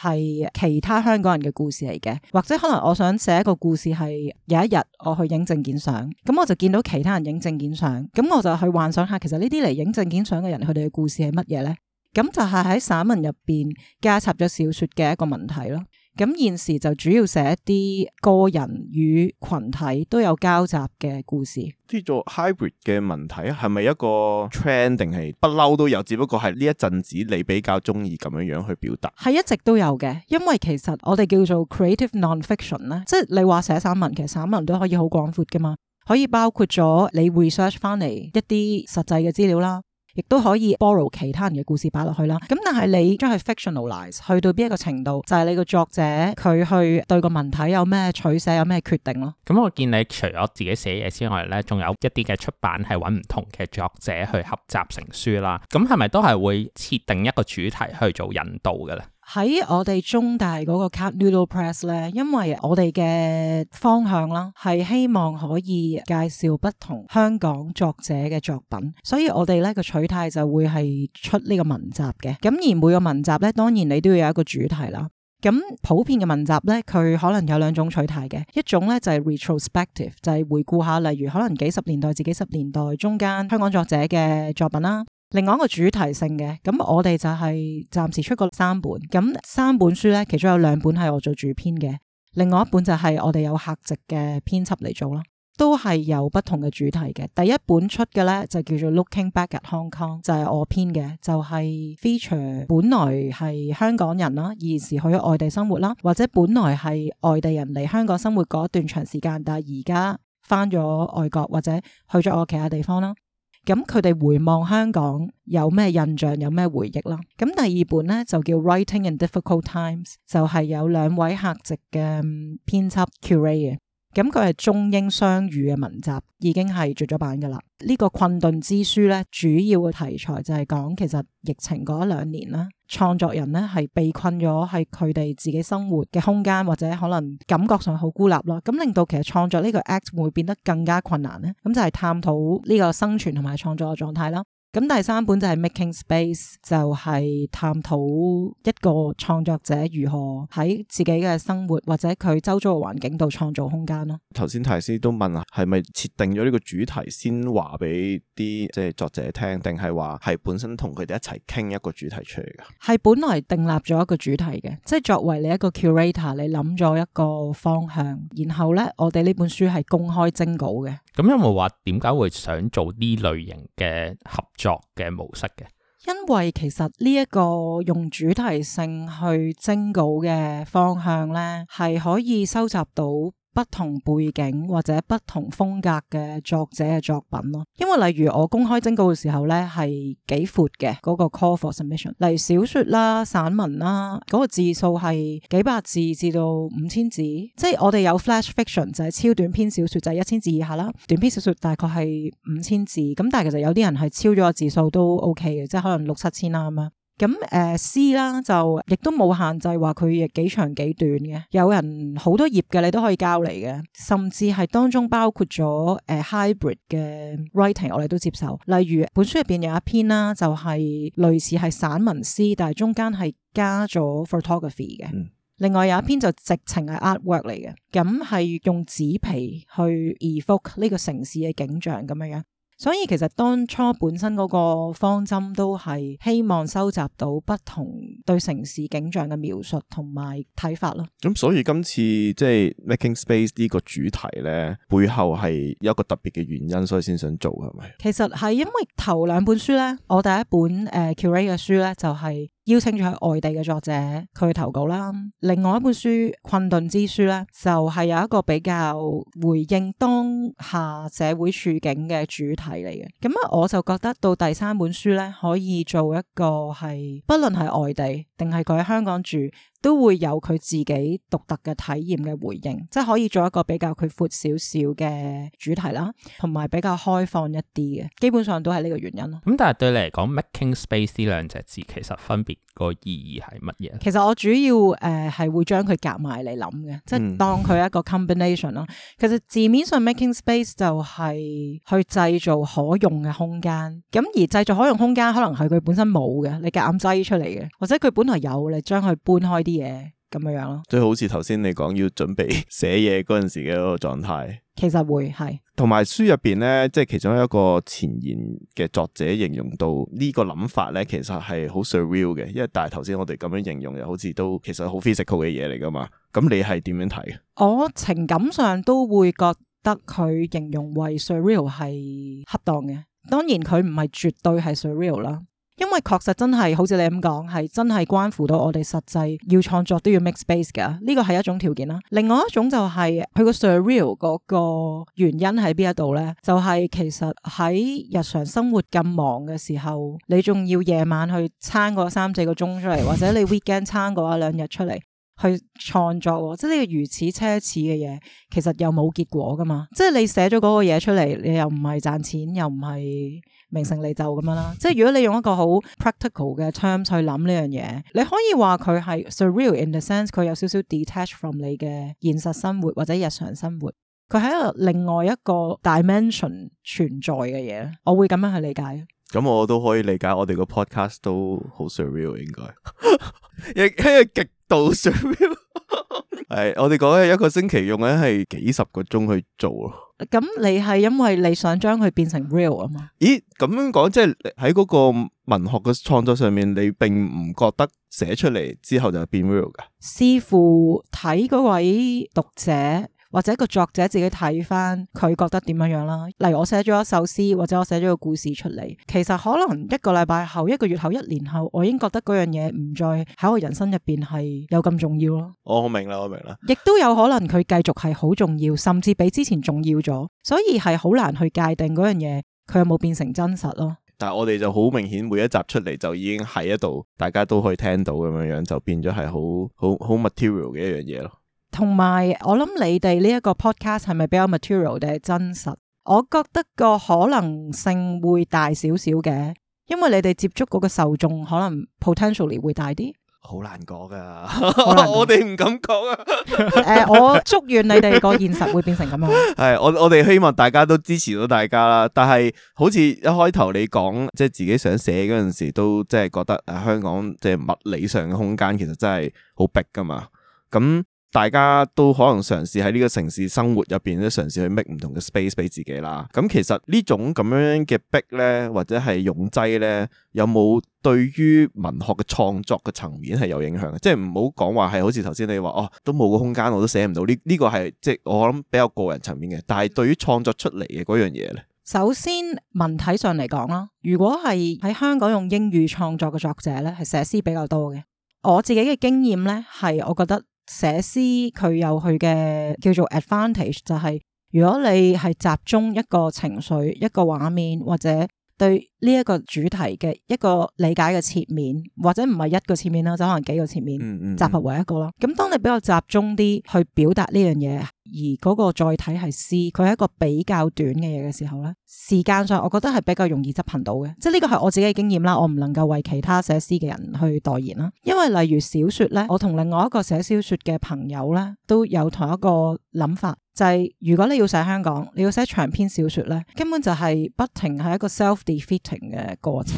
係其他香港人嘅故事嚟嘅，或者可能我想寫一個故事，係有一日我去影證件相，咁我就見到其他人影證件相，咁我就去幻想下，其實呢啲嚟影證件相嘅人，佢哋嘅故事係乜嘢呢？咁就係喺散文入邊加插咗小說嘅一個問題咯。咁現時就主要寫一啲個人與群體都有交集嘅故事。叫做 hybrid 嘅文體係咪一個 trend 定係不嬲都有？只不過係呢一陣子你比較中意咁樣樣去表達。係一直都有嘅，因為其實我哋叫做 creative nonfiction 咧，fiction，即係你話寫散文，其實散文都可以好廣闊噶嘛，可以包括咗你 research 翻嚟一啲實際嘅資料啦。亦都可以 borrow 其他人嘅故事擺落去啦，咁但係你將係 fictionalize 去到邊一個程度，就係、是、你個作者佢去對個文體有咩取捨，有咩決定咯。咁、嗯、我見你除咗自己寫嘢之外咧，仲有一啲嘅出版係搵唔同嘅作者去合集成書啦。咁係咪都係會設定一個主題去做引導噶咧？喺我哋中大嗰個 Cat Noodle Press 咧，因為我哋嘅方向啦，係希望可以介紹不同香港作者嘅作品，所以我哋咧、這個取態就會係出呢個文集嘅。咁而每個文集咧，當然你都要有一個主題啦。咁普遍嘅文集咧，佢可能有兩種取態嘅，一種咧就係、是、retrospective，就係回顧下，例如可能幾十年代、至幾十年代中間香港作者嘅作品啦。另外一個主題性嘅，咁我哋就係暫時出個三本，咁三本書呢，其中有兩本係我做主編嘅，另外一本就係我哋有客席嘅編輯嚟做咯，都係有不同嘅主題嘅。第一本出嘅呢，就叫做 Looking Back at Hong Kong，就係我編嘅，就係、是、feature 本來係香港人啦，現時去咗外地生活啦，或者本來係外地人嚟香港生活嗰段長時間，但係而家翻咗外國或者去咗我其他地方啦。咁佢哋回望香港有咩印象，有咩回憶啦。咁第二本呢，就叫《Writing in Difficult Times》，就係有兩位客席嘅編輯 Curator。嗯咁佢係中英雙語嘅文集，已經係絕咗版噶啦。呢個困頓之書咧，主要嘅題材就係講其實疫情嗰一兩年啦，創作人咧係被困咗，喺佢哋自己生活嘅空間，或者可能感覺上好孤立囉。咁令到其實創作呢個 act 會變得更加困難咧。咁就係探討呢個生存同埋創作嘅狀態啦。咁第三本就係 Making Space，就係探討一個創作者如何喺自己嘅生活或者佢周遭嘅環境度創造空間咯。頭先泰師都問啊，係咪設定咗呢個主題先話俾啲即係作者聽，定係話係本身同佢哋一齊傾一個主題出嚟嘅？係本來訂立咗一個主題嘅，即係作為你一個 curator，你諗咗一個方向，然後咧我哋呢本書係公開徵稿嘅。咁有冇話點解會想做呢類型嘅合作嘅模式嘅，因為其實呢一個用主題性去徵稿嘅方向咧，係可以收集到，不同背景或者不同風格嘅作者嘅作品咯，因為例如我公開徵稿嘅時候呢，係幾闊嘅嗰個 call for submission，例如小說啦、散文啦，嗰個字數係幾百字至到五千字，即係我哋有 flash fiction 就係超短篇小說，就係一千字以下啦，短篇小說大概係五千字，咁但係其實有啲人係超咗個字數都 OK 嘅，即係可能六七千啦咁樣。咁誒詩啦，就亦都冇限制話佢誒幾長幾短嘅，有人好多頁嘅你都可以交嚟嘅，甚至係當中包括咗誒、呃、hybrid 嘅 writing，我哋都接受。例如本書入邊有一篇啦，就係類似係散文詩，但係中間係加咗 photography 嘅。嗯、另外有一篇就直情係 artwork 嚟嘅，咁係用紙皮去 evoke 呢個城市嘅景象咁樣樣。所以其實當初本身嗰個方針都係希望收集到不同對城市景象嘅描述同埋睇法咯、嗯。咁所以今次即係、就是、Making Space 呢個主題呢，背後係有一個特別嘅原因，所以先想做係咪？其實係因為頭兩本書呢，我第一本誒、呃、Curate 嘅書呢，就係、是。邀請咗喺外地嘅作者佢去投稿啦。另外一本書《困頓之書》呢，就係有一個比較回應當下社會處境嘅主題嚟嘅。咁啊，我就覺得到第三本書呢，可以做一個係不論係外地定係佢喺香港住。都會有佢自己獨特嘅體驗嘅回應，即係可以做一個比較佢闊少少嘅主題啦，同埋比較開放一啲嘅，基本上都係呢個原因咯。咁但係對你嚟講 Making Space 呢兩隻字其實分別個意義係乜嘢？其實我主要誒係、呃、會將佢夾埋嚟諗嘅，即係當佢一個 combination 咯、嗯。 其實字面上 Making Space 就係去製造可用嘅空間，咁而製造可用空間可能係佢本身冇嘅，你夾硬擠出嚟嘅，或者佢本來有，你將佢搬開啲。啲嘢咁樣樣咯，即係好似頭先你講要準備寫嘢嗰陣時嘅一個狀態，其實會係同埋書入邊咧，即係其中一個前言嘅作者形容到呢個諗法咧，其實係好 surreal 嘅，因為但係頭先我哋咁樣形容又好似都其實好 physical 嘅嘢嚟噶嘛，咁你係點樣睇？我情感上都會覺得佢形容為 surreal 係恰當嘅，當然佢唔係絕對係 surreal 啦。因為確實真係好似你咁講，係真係關乎到我哋實際要創作都要 make space 嘅，呢個係一種條件啦。另外一種就係、是、佢個 surreal 嗰個原因喺邊一度呢？就係、是、其實喺日常生活咁忙嘅時候，你仲要夜晚去餐個三四個鐘出嚟，或者你 weekend 餐個一兩日出嚟去創作，即係呢個如此奢侈嘅嘢，其實又冇結果噶嘛。即係你寫咗嗰個嘢出嚟，你又唔係賺錢，又唔係。名成利就咁樣啦，即係如果你用一個好 practical 嘅 terms 去諗呢樣嘢，你可以話佢係 surreal in the sense 佢有少少 detached from 你嘅現實生活或者日常生活，佢喺一個另外一個 dimension 存在嘅嘢，我會咁樣去理解。咁我都可以理解，我哋個 podcast 都好 surreal 應該，亦係一個極度 surreal。係， 我哋講緊一個星期用緊係幾十個鐘去做。咁你係因為你想將佢變成 real 啊嘛？咦，咁樣講，即係喺嗰個文學嘅創作上面，你並唔覺得寫出嚟之後就變 real 噶？視乎睇嗰位讀者。或者個作者自己睇返，佢覺得點樣樣啦？例如我寫咗一首詩，或者我寫咗個故事出嚟，其實可能一個禮拜後、一個月後、一年後，我已經覺得嗰樣嘢唔再喺我人生入邊係有咁重要咯。我好明啦，我明啦。亦都有可能佢繼續係好重要，甚至比之前重要咗，所以係好難去界定嗰樣嘢佢有冇變成真實咯。但係我哋就好明顯，每一集出嚟就已經喺一度，大家都可以聽到咁樣樣，就變咗係好好好 material 嘅一樣嘢咯。同埋，我諗你哋呢一個 podcast 係咪比較 material 定係真實？我覺得個可能性會大少少嘅，因為你哋接觸嗰個受眾可能 potentially 會大啲。好難講噶 我哋唔敢講啊。誒、 呃，我祝願你哋個現實會變成咁樣。係， 我我哋希望大家都支持到大家啦。但係好似一開頭你講，即係自己想寫嗰陣時，都即係覺得誒香港即係、就是、物理上嘅空間其實真係好逼噶嘛。咁。大家都可能嘗試喺呢個城市生活入邊咧，嘗試去 make 唔同嘅 space 俾自己啦。咁其實呢種咁樣嘅逼咧，或者係擁擠咧，有冇對於文學嘅創作嘅層面係有影響嘅？即係唔好講話係好似頭先你話哦，都冇個空間我都寫唔到呢。呢個係即係我諗比較個人層面嘅。但係對於創作出嚟嘅嗰樣嘢咧，首先文體上嚟講啦，如果係喺香港用英語創作嘅作者咧，係寫詩比較多嘅。我自己嘅經驗咧，係我覺得。寫詩佢有佢嘅叫做 advantage，就係、是、如果你係集中一個情緒、一個畫面或者，對呢一個主題嘅一個理解嘅切面，或者唔係一個切面啦，就可能幾個切面集合為一個咯。咁當你比較集中啲去表達呢樣嘢，而嗰個載體係詩，佢係一個比較短嘅嘢嘅時候咧，時間上我覺得係比較容易執行到嘅。即係呢個係我自己嘅經驗啦，我唔能夠為其他寫詩嘅人去代言啦。因為例如小說咧，我同另外一個寫小說嘅朋友咧，都有同一個諗法。就係、是、如果你要寫香港，你要寫長篇小說咧，根本就係不停係一個 self-defeating 嘅過程，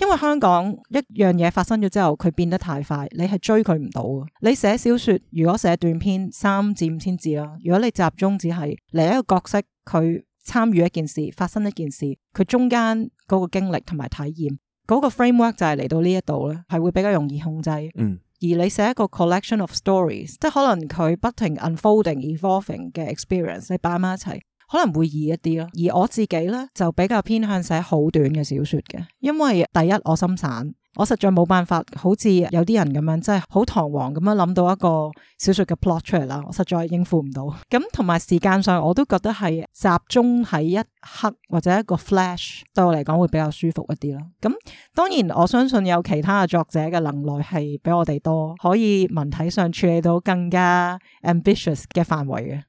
因為香港一樣嘢發生咗之後，佢變得太快，你係追佢唔到啊！你寫小說，如果寫短篇三至五千字啦，如果你集中只係嚟一個角色，佢參與一件事，發生一件事，佢中間嗰個經歷同埋體驗，嗰、嗰個 framework 就係嚟到呢一度咧，係會比較容易控制。嗯。而你寫一個 collection of stories，即係可能佢不停 unfolding、evolving 嘅 experience，你擺埋一齊可能會易一啲咯。而我自己呢就比較偏向寫好短嘅小説嘅，因為第一我心散。我實在冇辦法，好似有啲人咁樣，真係好堂皇咁樣諗到一個小說嘅 plot 出嚟啦。我實在應付唔到。咁同埋時間上，我都覺得係集中喺一刻或者一個 flash，對我嚟講會比較舒服一啲咯。咁當然，我相信有其他嘅作者嘅能耐係比我哋多，可以文體上處理到更加 ambitious 嘅範圍嘅。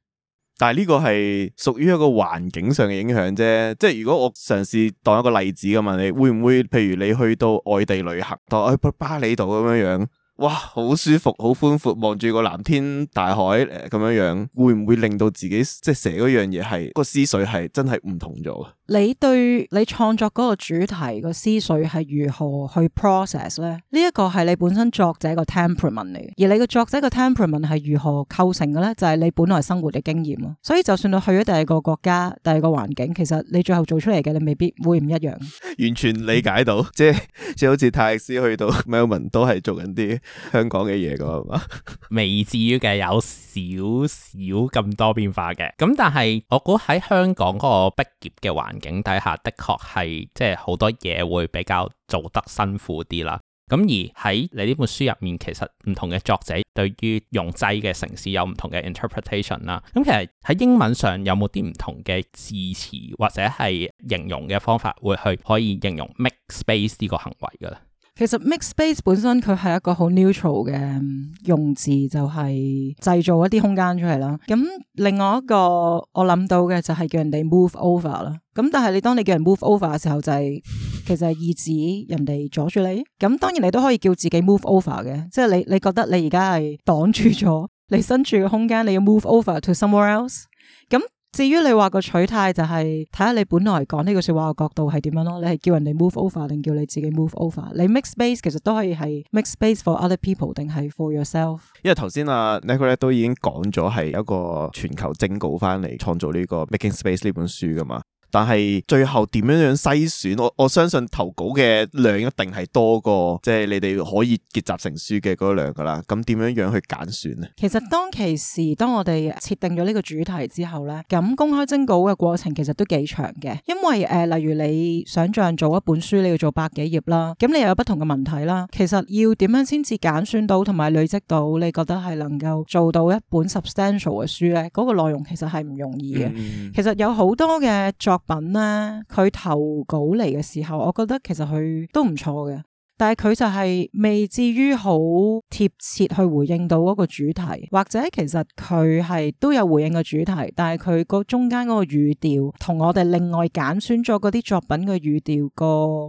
但係呢個係屬於一個環境上嘅影響啫，即係如果我嘗試當一個例子咁問你，會唔會譬如你去到外地旅行，當去巴厘島咁樣樣，哇，好舒服，好寬闊，望住個藍天大海誒，咁樣樣，會唔會令到自己即係寫嗰樣嘢係個思緒係真係唔同咗？你對你創作嗰個主題個思緒係如何去 process 呢？呢、這、一個係你本身作者個 temperament 嚟嘅，而你個作者個 temperament 係如何構成嘅呢？就係、是、你本來生活嘅經驗囉。所以就算你去咗第二個國家、第二個環境，其實你最後做出嚟嘅你未必會唔一樣。完全理解到，嗯、即係好似泰斯去到 Melbourne 都係做緊啲香港嘅嘢咁嘛。未至於嘅有少少咁多變化嘅，咁但係我估喺香港嗰個逼狹嘅環。境底下的確係，即係好多嘢會比較做得辛苦啲啦。咁而喺你呢本書入面，其實唔同嘅作者對於擁擠嘅城市有唔同嘅 interpretation 啦。咁其實喺英文上有冇啲唔同嘅字詞或者係形容嘅方法，會去可以形容 make space 呢個行為噶？其實 make space 本身佢係一個好 neutral 嘅用字，就係、是、製造一啲空間出嚟啦。咁另外一個我諗到嘅就係叫人哋 move over 啦。咁但係你當你叫人 move over 嘅時候、就是，就係其實係意指人哋阻住你。咁當然你都可以叫自己 move over 嘅，即係你你覺得你而家係擋住咗你身處嘅空間，你要 move over to somewhere else。咁至於你話個取態就係睇下你本來講呢個説話嘅角度係點樣咯，你係叫人哋 move over 定叫你自己 move over？你 make space 其實都可以係 make space for other people 定係 for yourself？因為頭先啊 Nico 咧都已經講咗係一個全球徵稿翻嚟創造呢個 making space 呢本書噶嘛。但係最後點樣樣篩選？我我相信投稿嘅量一定係多過即係你哋可以結集成書嘅嗰量噶啦。咁點樣樣去揀選呢？其實當其時，當我哋設定咗呢個主題之後呢，咁公開徵稿嘅過程其實都幾長嘅。因為誒、呃，例如你想象做一本書，你要做百幾頁啦，咁你又有不同嘅問題啦。其實要點樣先至揀選到同埋累積到你覺得係能夠做到一本 substantial 嘅書呢？嗰、那個內容其實係唔容易嘅。嗯、其實有好多嘅作。品咧、啊，佢投稿嚟嘅時候，我覺得其實佢都唔錯嘅，但係佢就係未至於好貼切去回應到嗰個主題，或者其實佢係都有回應個主題，但係佢個中間嗰個語調，同我哋另外揀選咗嗰啲作品嘅語調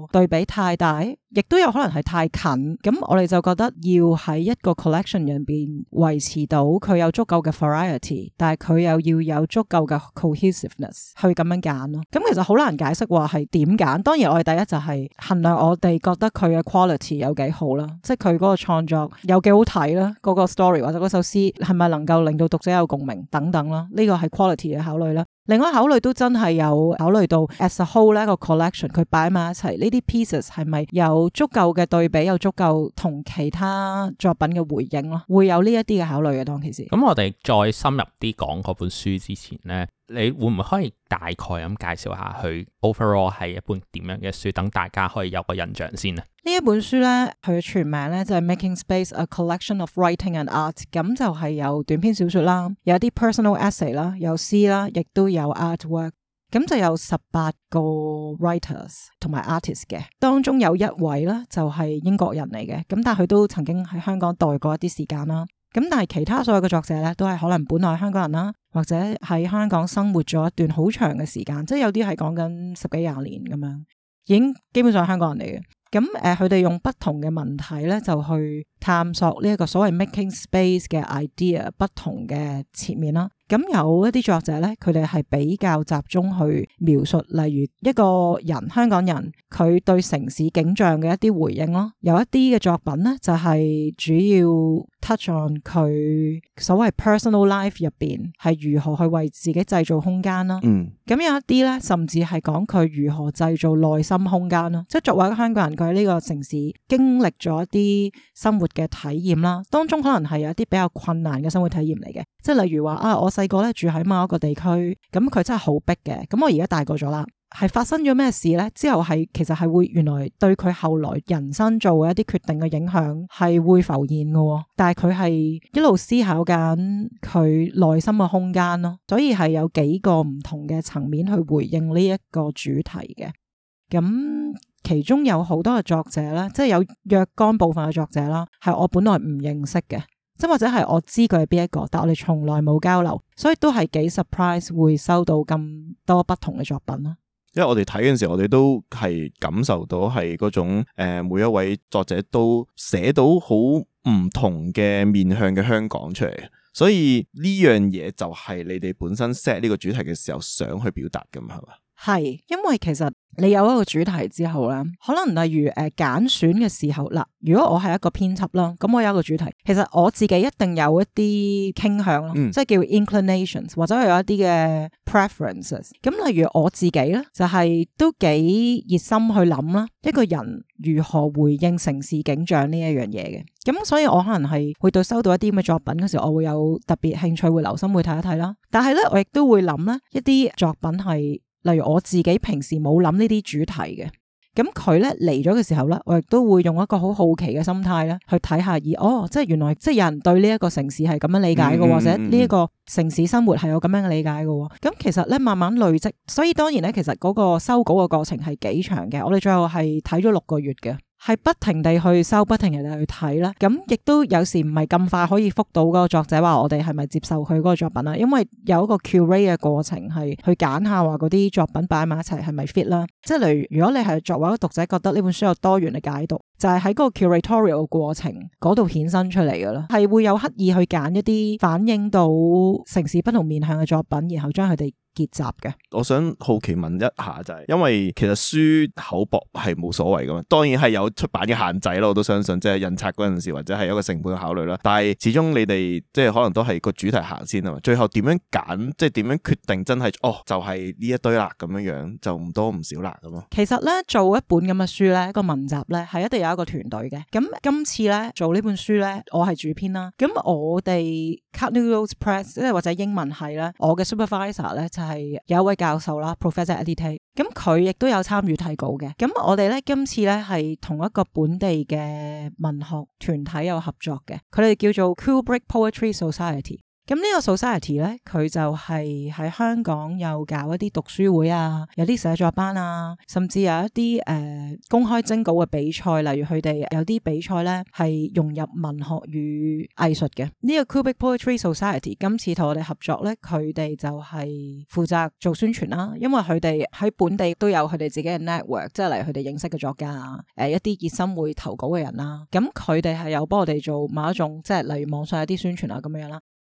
個對比太大。亦都有可能係太近，咁我哋就覺得要喺一個 collection 入邊維持到佢有足夠嘅 variety，但係佢又要有足夠嘅 cohesiveness 去咁樣揀咯。咁其實好難解釋話係點揀。當然我哋第一就係、是、衡量我哋覺得佢嘅 quality 有幾好啦，即係佢嗰個創作有幾好睇啦，嗰個 story 或者嗰首詩係咪能夠令到讀者有共鳴等等啦。呢、這個係 quality 嘅考慮啦。另外考慮都真係有考慮到，as a whole 呢個 collection，佢擺埋一齊呢啲 pieces 係咪有足夠嘅對比，有足夠同其他作品嘅回應咯？會有呢一啲嘅考慮嘅，當其時。咁我哋再深入啲講嗰本書之前咧。你會唔會可以大概咁介紹下佢 overall 係一本點樣嘅書，等大家可以有個印象先啊？呢一本書呢，佢全名呢，就係《Making Space：A Collection of Writing and Art》，咁就係有短篇小説啦，有啲 personal essay 啦，有詩啦，亦都有 artwork，咁就有十八個 writers 同埋 artists 嘅，當中有一位呢，就係英國人嚟嘅，咁但係佢都曾經喺香港待過一啲時間啦。咁但係其他所有嘅作者咧，都係可能本來香港人啦，或者喺香港生活咗一段好長嘅時間，即係有啲係講緊十幾廿年咁樣，已經基本上係香港人嚟嘅。咁、嗯、誒、佢、呃、哋用不同嘅問題咧，就去探索呢一個所謂 making space 嘅 idea 不同嘅側面啦。咁有一啲作者咧，佢哋係比較集中去描述，例如一個人香港人佢對城市景象嘅一啲回應咯。有一啲嘅作品咧，就係主要 touch on 佢所謂 personal life 入邊係如何去為自己製造空間啦。嗯，咁有一啲咧，甚至係講佢如何製造內心空間咯。即係作為一個香港人，佢喺呢個城市經歷咗一啲生活嘅體驗啦，當中可能係有一啲比較困難嘅生活體驗嚟嘅。即係例如話啊，我。細個咧住喺某一個地區，咁佢真係好逼嘅。咁我而家大個咗啦，係發生咗咩事呢？之後係其實係會原來對佢後來人生做嘅一啲決定嘅影響係會浮現嘅。但係佢係一路思考緊佢內心嘅空間咯，所以係有幾個唔同嘅層面去回應呢一個主題嘅。咁其中有好多嘅作者啦，即係有若干部分嘅作者啦，係我本來唔認識嘅。即或者係我知佢係邊一個，但我哋從來冇交流，所以都係幾 surprise 會收到咁多不同嘅作品咯。因為我哋睇嘅時候，我哋都係感受到係嗰種誒、呃，每一位作者都寫到好唔同嘅面向嘅香港出嚟，所以呢樣嘢就係你哋本身 set 呢個主題嘅時候想去表達噶嘛，係嘛？係，因為其實你有一個主題之後咧，可能例如誒、呃、揀選嘅時候啦，如果我係一個編輯啦，咁我有一個主題，其實我自己一定有一啲傾向咯，嗯、即係叫 inclinations，或者係有一啲嘅 preferences。咁、嗯、例如我自己咧，就係、是、都幾熱心去諗啦，一個人如何回應城市景象呢一樣嘢嘅。咁、嗯、所以我可能係會對收到一啲咁嘅作品嗰時候，我會有特別興趣，會留心會睇一睇啦。但係咧，我亦都會諗咧，一啲作品係。例如我自己平時冇諗呢啲主題嘅，咁佢咧嚟咗嘅時候咧，我亦都會用一個好好奇嘅心態咧去睇下，而哦，即係原來即係有人對呢一個城市係咁樣理解嘅，或者呢一個城市生活係有咁樣嘅理解嘅。咁其實咧慢慢累積，所以當然咧，其實嗰個修稿嘅過程係幾長嘅。我哋最後係睇咗六個月嘅。係不停地去收，不停地去睇啦。咁亦都有時唔係咁快可以覆到嗰個作者話我哋係咪接受佢嗰個作品啦。因為有一個 curate 嘅過程係去揀下話嗰啲作品擺埋一齊係咪 fit 啦。即係例如如果你係作為一個讀者覺得呢本書有多元嘅解讀，就係喺嗰個 curatorial 嘅過程嗰度衍生出嚟嘅咯。係會有刻意去揀一啲反映到城市不同面向嘅作品，然後將佢哋。結集嘅，我想好奇問一下，就是，就係因為其實書厚薄係冇所謂噶嘛，當然係有出版嘅限制咯，我都相信即係印刷嗰陣時或者係一個成本嘅考慮啦。但係始終你哋即係可能都係個主題先行先啊嘛，最後點樣揀，即係點樣決定真係哦就係、是、呢一堆啦咁樣樣，就唔多唔少啦咁咯。其實咧做一本咁嘅書咧，個文集咧係一定有一個團隊嘅。咁今次咧做呢本書咧，我係主編啦。咁我哋 Cart Noodles Press 即係或者英文係咧，我嘅 supervisor 咧係有一位教授啦，Professor Edith，咁佢亦都有參與睇稿嘅。咁我哋咧今次咧係同一個本地嘅文學團體有合作嘅，佢哋叫做 Kubrick Poetry Society。咁呢個 society 咧，佢就係喺香港又搞一啲讀書會啊，有啲寫作班啊，甚至有一啲誒、呃、公開徵稿嘅比賽，例如佢哋有啲比賽咧係融入文學與藝術嘅。呢、這個 Cubic Poetry Society 今次同我哋合作咧，佢哋就係負責做宣傳啦、啊，因為佢哋喺本地都有佢哋自己嘅 network，即係嚟佢哋認識嘅作家啊，誒、呃、一啲熱心會投稿嘅人啦、啊。咁佢哋係有幫我哋做某一種，即係例如網上一啲宣傳啊咁樣啦。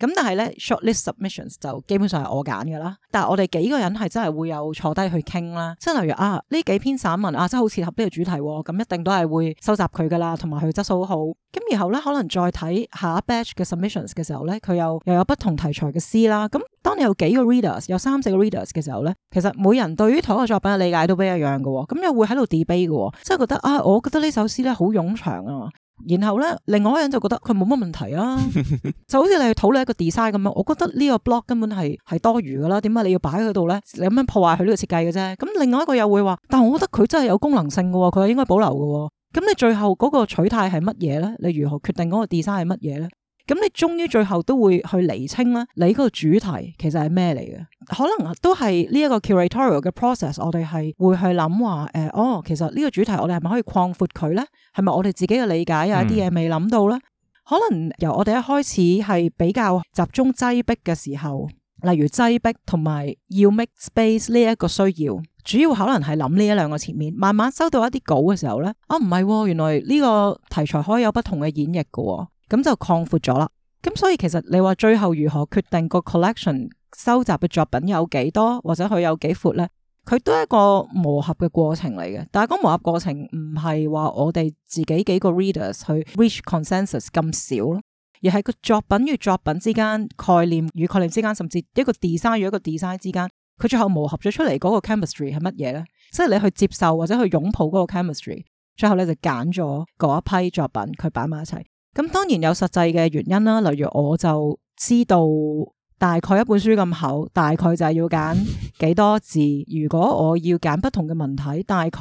咁但係咧 shortlist submissions 就基本上係我揀噶啦，但係我哋幾個人係真係會有坐低去傾啦，即係例如啊呢幾篇散文啊，真係好似合呢個主題，哦、咁、嗯、一定都係會收集佢噶啦，同埋佢質素好好。咁然後咧可能再睇下一 batch 嘅 submissions 嘅時候咧，佢有又，又有不同題材嘅詩啦。咁、嗯、當你有幾個 readers，有三四個 readers 嘅時候咧，其實每人對於同一個作品嘅理解都唔一樣噶、哦、咁、嗯、又會喺度 debate 噶、哦，即係覺得啊，我覺得呢首詩咧好冗長啊。然後咧，另外一個人就覺得佢冇乜問題啊， 就好似你去討論一個 design 咁樣，我覺得呢個 block 根本係係多餘噶啦，點解你要擺喺度咧？你咁樣破壞佢呢個設計嘅啫。咁另外一個又會話，但我覺得佢真係有功能性噶，佢應該保留噶。咁你最後嗰個取態係乜嘢咧？你如何決定嗰個 design 係乜嘢咧？咁你終於最後都會去厘清咧，你嗰個主題其實係咩嚟嘅？可能都係呢一個 curatorial 嘅 process，我哋係會去諗話，誒、呃，哦，其實呢個主題我哋係咪可以擴闊佢呢？係咪我哋自己嘅理解有一啲嘢未諗到呢？嗯、可能由我哋一開始係比較集中擠逼嘅時候，例如擠逼同埋要 make space 呢一個需要，主要可能係諗呢一兩個層面。慢慢收到一啲稿嘅時候呢，啊，唔係、哦，原來呢個題材可以有不同嘅演繹嘅、哦。咁就擴闊咗啦。咁所以其實你話最後如何決定個 collection 收集嘅作品有幾多，或者佢有幾闊呢？佢都係一個磨合嘅過程嚟嘅。但係嗰磨合過程唔係話我哋自己幾個 readers 去 reach consensus 咁少咯，而係個作品與作品之間、概念與概念之間，甚至一個 design 與一個 design 之間，佢最後磨合咗出嚟嗰個 chemistry 係乜嘢呢？即係你去接受或者去擁抱嗰個 chemistry，最後你就揀咗嗰一批作品佢擺埋一齊。咁當然有實際嘅原因啦，例如我就知道大概一本書咁厚，大概就係要揀幾多字。如果我要揀不同嘅文體，大概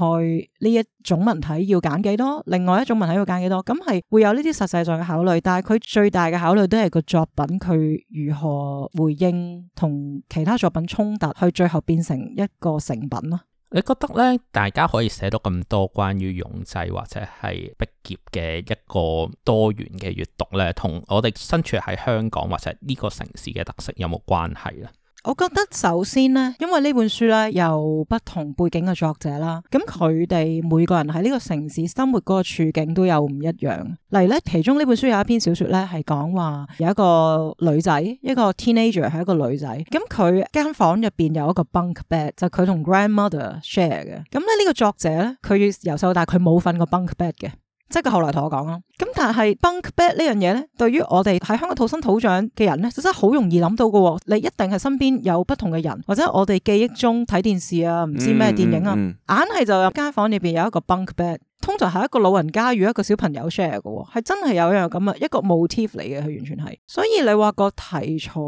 呢一種文體要揀幾多？另外一種文體要揀幾多？咁係會有呢啲實際上嘅考慮。但係佢最大嘅考慮都係個作品，佢如何回應同其他作品衝突，去最後變成一個成品咯。你覺得咧，大家可以寫到咁多關於擁擠或者係逼仄嘅一個多元嘅閱讀呢，同我哋身處喺香港或者呢個城市嘅特色有冇關係呢？我覺得首先呢，因為呢本書呢有不同背景嘅作者啦，咁佢哋每個人喺呢個城市生活嗰個處境都有唔一樣。例如咧，其中呢本書有一篇小說呢，係講話有一個女仔，一個 teenager 係一個女仔，咁佢間房入邊有一個 bunk bed，就佢同 grandmother share 嘅。咁咧呢個作者呢，佢由細到大，佢冇瞓過 bunk bed 嘅。即係佢後來同我講咯，咁但係 bunk bed 呢樣嘢咧，對於我哋喺香港土生土長嘅人咧，其實真係好容易諗到嘅。你一定係身邊有不同嘅人，或者我哋記憶中睇電視啊，唔知咩電影啊，硬係、嗯嗯嗯、就有間房裏邊有一個 bunk bed。通常係一個老人家與一個小朋友 share 嘅。哦，係真係有一樣咁啊，一個 motif 嚟嘅，佢完全係。所以你話個題材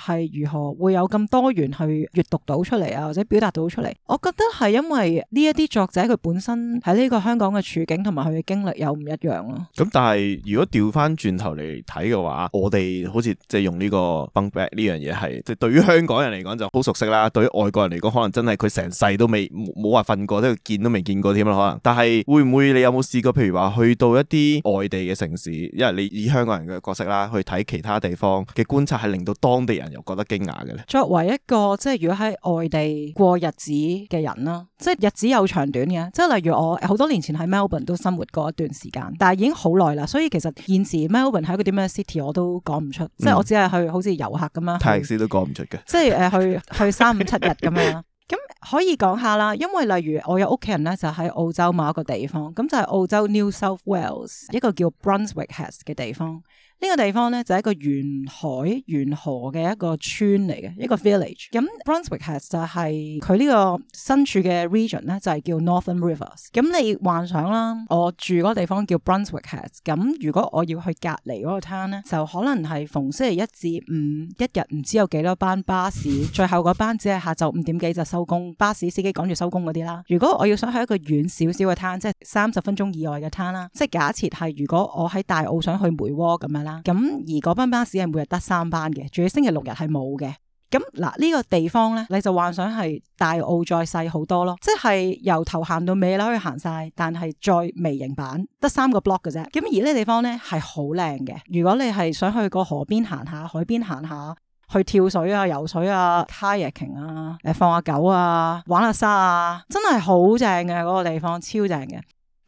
係如何會有咁多元去閱讀到出嚟啊，或者表達到出嚟？我覺得係因為呢一啲作者佢本身喺呢個香港嘅處境同埋佢嘅經歷有唔一樣咯。咁、嗯、但係如果調翻轉頭嚟睇嘅話，我哋好似即係用呢個 bunk bed 呢樣嘢，係即係對於香港人嚟講就好熟悉啦。對於外國人嚟講，可能真係佢成世都未冇冇話瞓過，即係見都未見過添啦，可能。但係會唔會？你有冇試過，譬如話去到一啲外地嘅城市，因為你以香港人嘅角色啦，去睇其他地方嘅觀察，係令到當地人又覺得驚訝嘅咧。作為一個即係如果喺外地過日子嘅人啦，即係日子有長短嘅，即係例如我好多年前喺 Melbourne 都生活過一段時間，但係已經好耐啦。所以其實現時 Melbourne 係一個點樣 city 我都講唔出，即係、嗯、我只係去好似遊客咁樣，泰斯都講唔出嘅，即係誒、呃、去去三五七日咁樣。 咁、嗯、可以講下啦，因為例如我有屋企人呢，就喺澳洲某一個地方，咁就係澳洲 New South Wales 一個叫 Brunswick Heads 嘅地方。呢個地方呢，就係、是、一個沿海沿河嘅一個村嚟嘅，一個 village。咁 Brunswick Heads 就係佢呢個身處嘅 region 呢，就係、是、叫 Northern Rivers。咁你幻想啦，我住嗰個地方叫 Brunswick Heads，咁如果我要去隔離嗰個灘呢，就可能係逢星期一至五一日唔知有幾多班巴士， 最後嗰班只係下晝五點幾就收工，巴士司機趕住收工嗰啲啦。如果我要想去一個遠少少嘅灘，即係三十分鐘以外嘅灘啦，即係假設係如果我喺大澳想去梅窩咁樣。咁而嗰班巴士係每日得三班嘅，仲要星期六日係冇嘅。咁嗱呢個地方咧，你就幻想係大澳再細好多咯，即係由頭行到尾啦，可以行晒，但係再微型版，得三個 block 嘅啫。咁而呢地方咧係好靚嘅，如果你係想去個河邊行下、海邊行下、去跳水啊、游水啊、kayaking 啊、誒放下、啊、狗啊、玩下、啊、沙啊，真係好正嘅嗰個地方，超正嘅。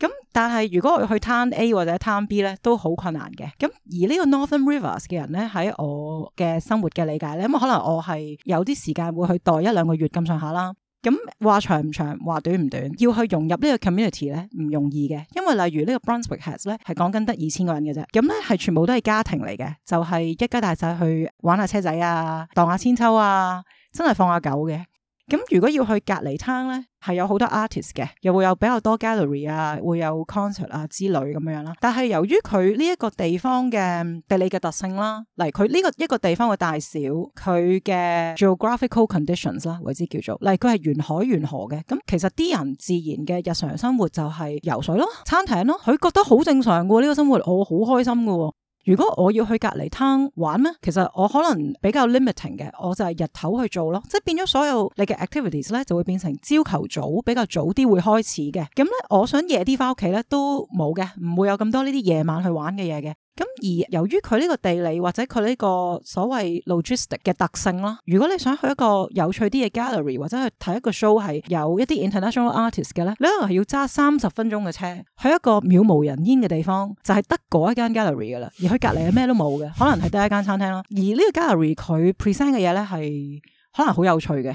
咁但係如果我去貪 A 或者貪 B 咧，都好困難嘅。咁而呢個 Northern Rivers 嘅人咧，喺我嘅生活嘅理解咧，咁可能我係有啲時間會去待一兩個月咁上下啦。咁話長唔長，話短唔短，要去融入呢個 community 咧，唔容易嘅。因為例如呢個 Brunswick Heads 咧，係講緊得二千個人嘅啫。咁咧係全部都係家庭嚟嘅，就係一家大細去玩下車仔啊，蕩下千秋啊，真係放下狗嘅。咁如果要去隔離灘呢，係有好多 artist 嘅，又會有比較多 gallery 啊，會有 concert 啊之類咁樣啦。但係由於佢呢一個地方嘅地理嘅特性啦，嚟佢呢個一個地方嘅大小，佢嘅 geographical conditions 啦，或者叫做，嚟佢係沿海沿河嘅，咁其實啲人自然嘅日常生活就係游水咯、餐艇咯，佢覺得好正常嘅呢、呢個生活，好、哦、好開心嘅、哦。如果我要去隔籬灘玩咧，其實我可能比較 limiting 嘅，我就係日頭去做咯，即係變咗所有你嘅 activities 咧，就會變成朝頭早，早比較早啲會開始嘅。咁咧，我想夜啲翻屋企咧都冇嘅，唔會有咁多呢啲夜晚去玩嘅嘢嘅。咁而由於佢呢個地理或者佢呢個所謂 logistic 嘅特性咯，如果你想去一個有趣啲嘅 gallery 或者去睇一個 show 係有一啲 international artist 嘅咧，你可能係要揸三十分鐘嘅車去一個渺無人煙嘅地方，就係得嗰一間 gallery 噶啦，而佢隔離係咩都冇嘅，可能係得一間餐廳咯。而呢個 gallery 佢 present 嘅嘢咧係可能好有趣嘅。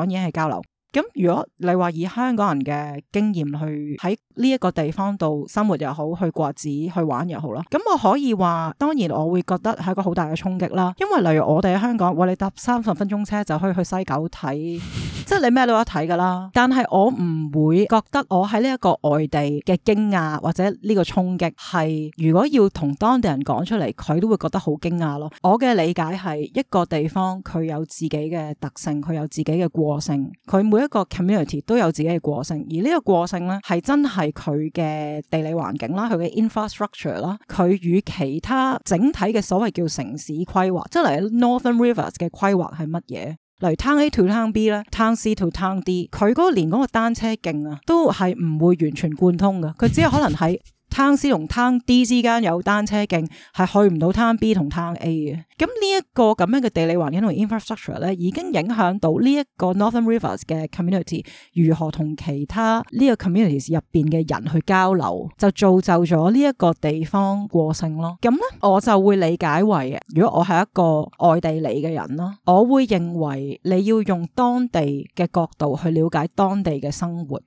講嘢係交流。咁如果你話以香港人嘅經驗去喺呢一個地方度生活又好，去刮子去玩又好啦，咁我可以話，當然我會覺得係一個好大嘅衝擊啦。因為例如我哋喺香港，我哋搭三十分鐘車就可以去西九睇，即係 你咩都有得睇噶啦。但係我唔會覺得我喺呢一個外地嘅驚訝或者呢個衝擊係，如果要同當地人講出嚟，佢都會覺得好驚訝咯。我嘅理解係一個地方佢有自己嘅特性，佢有自己嘅個性，佢每，一個 community 都有自己嘅個性，而呢個個性呢，係真係佢嘅地理環境啦，佢嘅 infrastructure 啦，佢與其他整體嘅所謂叫城市規劃，即係嚟 Northern Rivers 嘅規劃係乜嘢？嚟 town A to town B 啦 town C to town D，佢嗰個連嗰個單車徑啊，都係唔會完全貫通嘅，佢只係可能喺。Town C 同 Town D 之間有單車徑，係去唔到 Town B 同 Town A 嘅。咁呢一個咁樣嘅地理環境同 infrastructure 咧，已經影響到呢一個 Northern Rivers 嘅 community 如何同其他呢個 communities 入邊嘅人去交流，就造就咗呢一個地方過剩咯。咁、嗯、咧，我就會理解為，如果我係一個外地嚟嘅人啦，我會認為你要用當地嘅角度去了解當地嘅生活。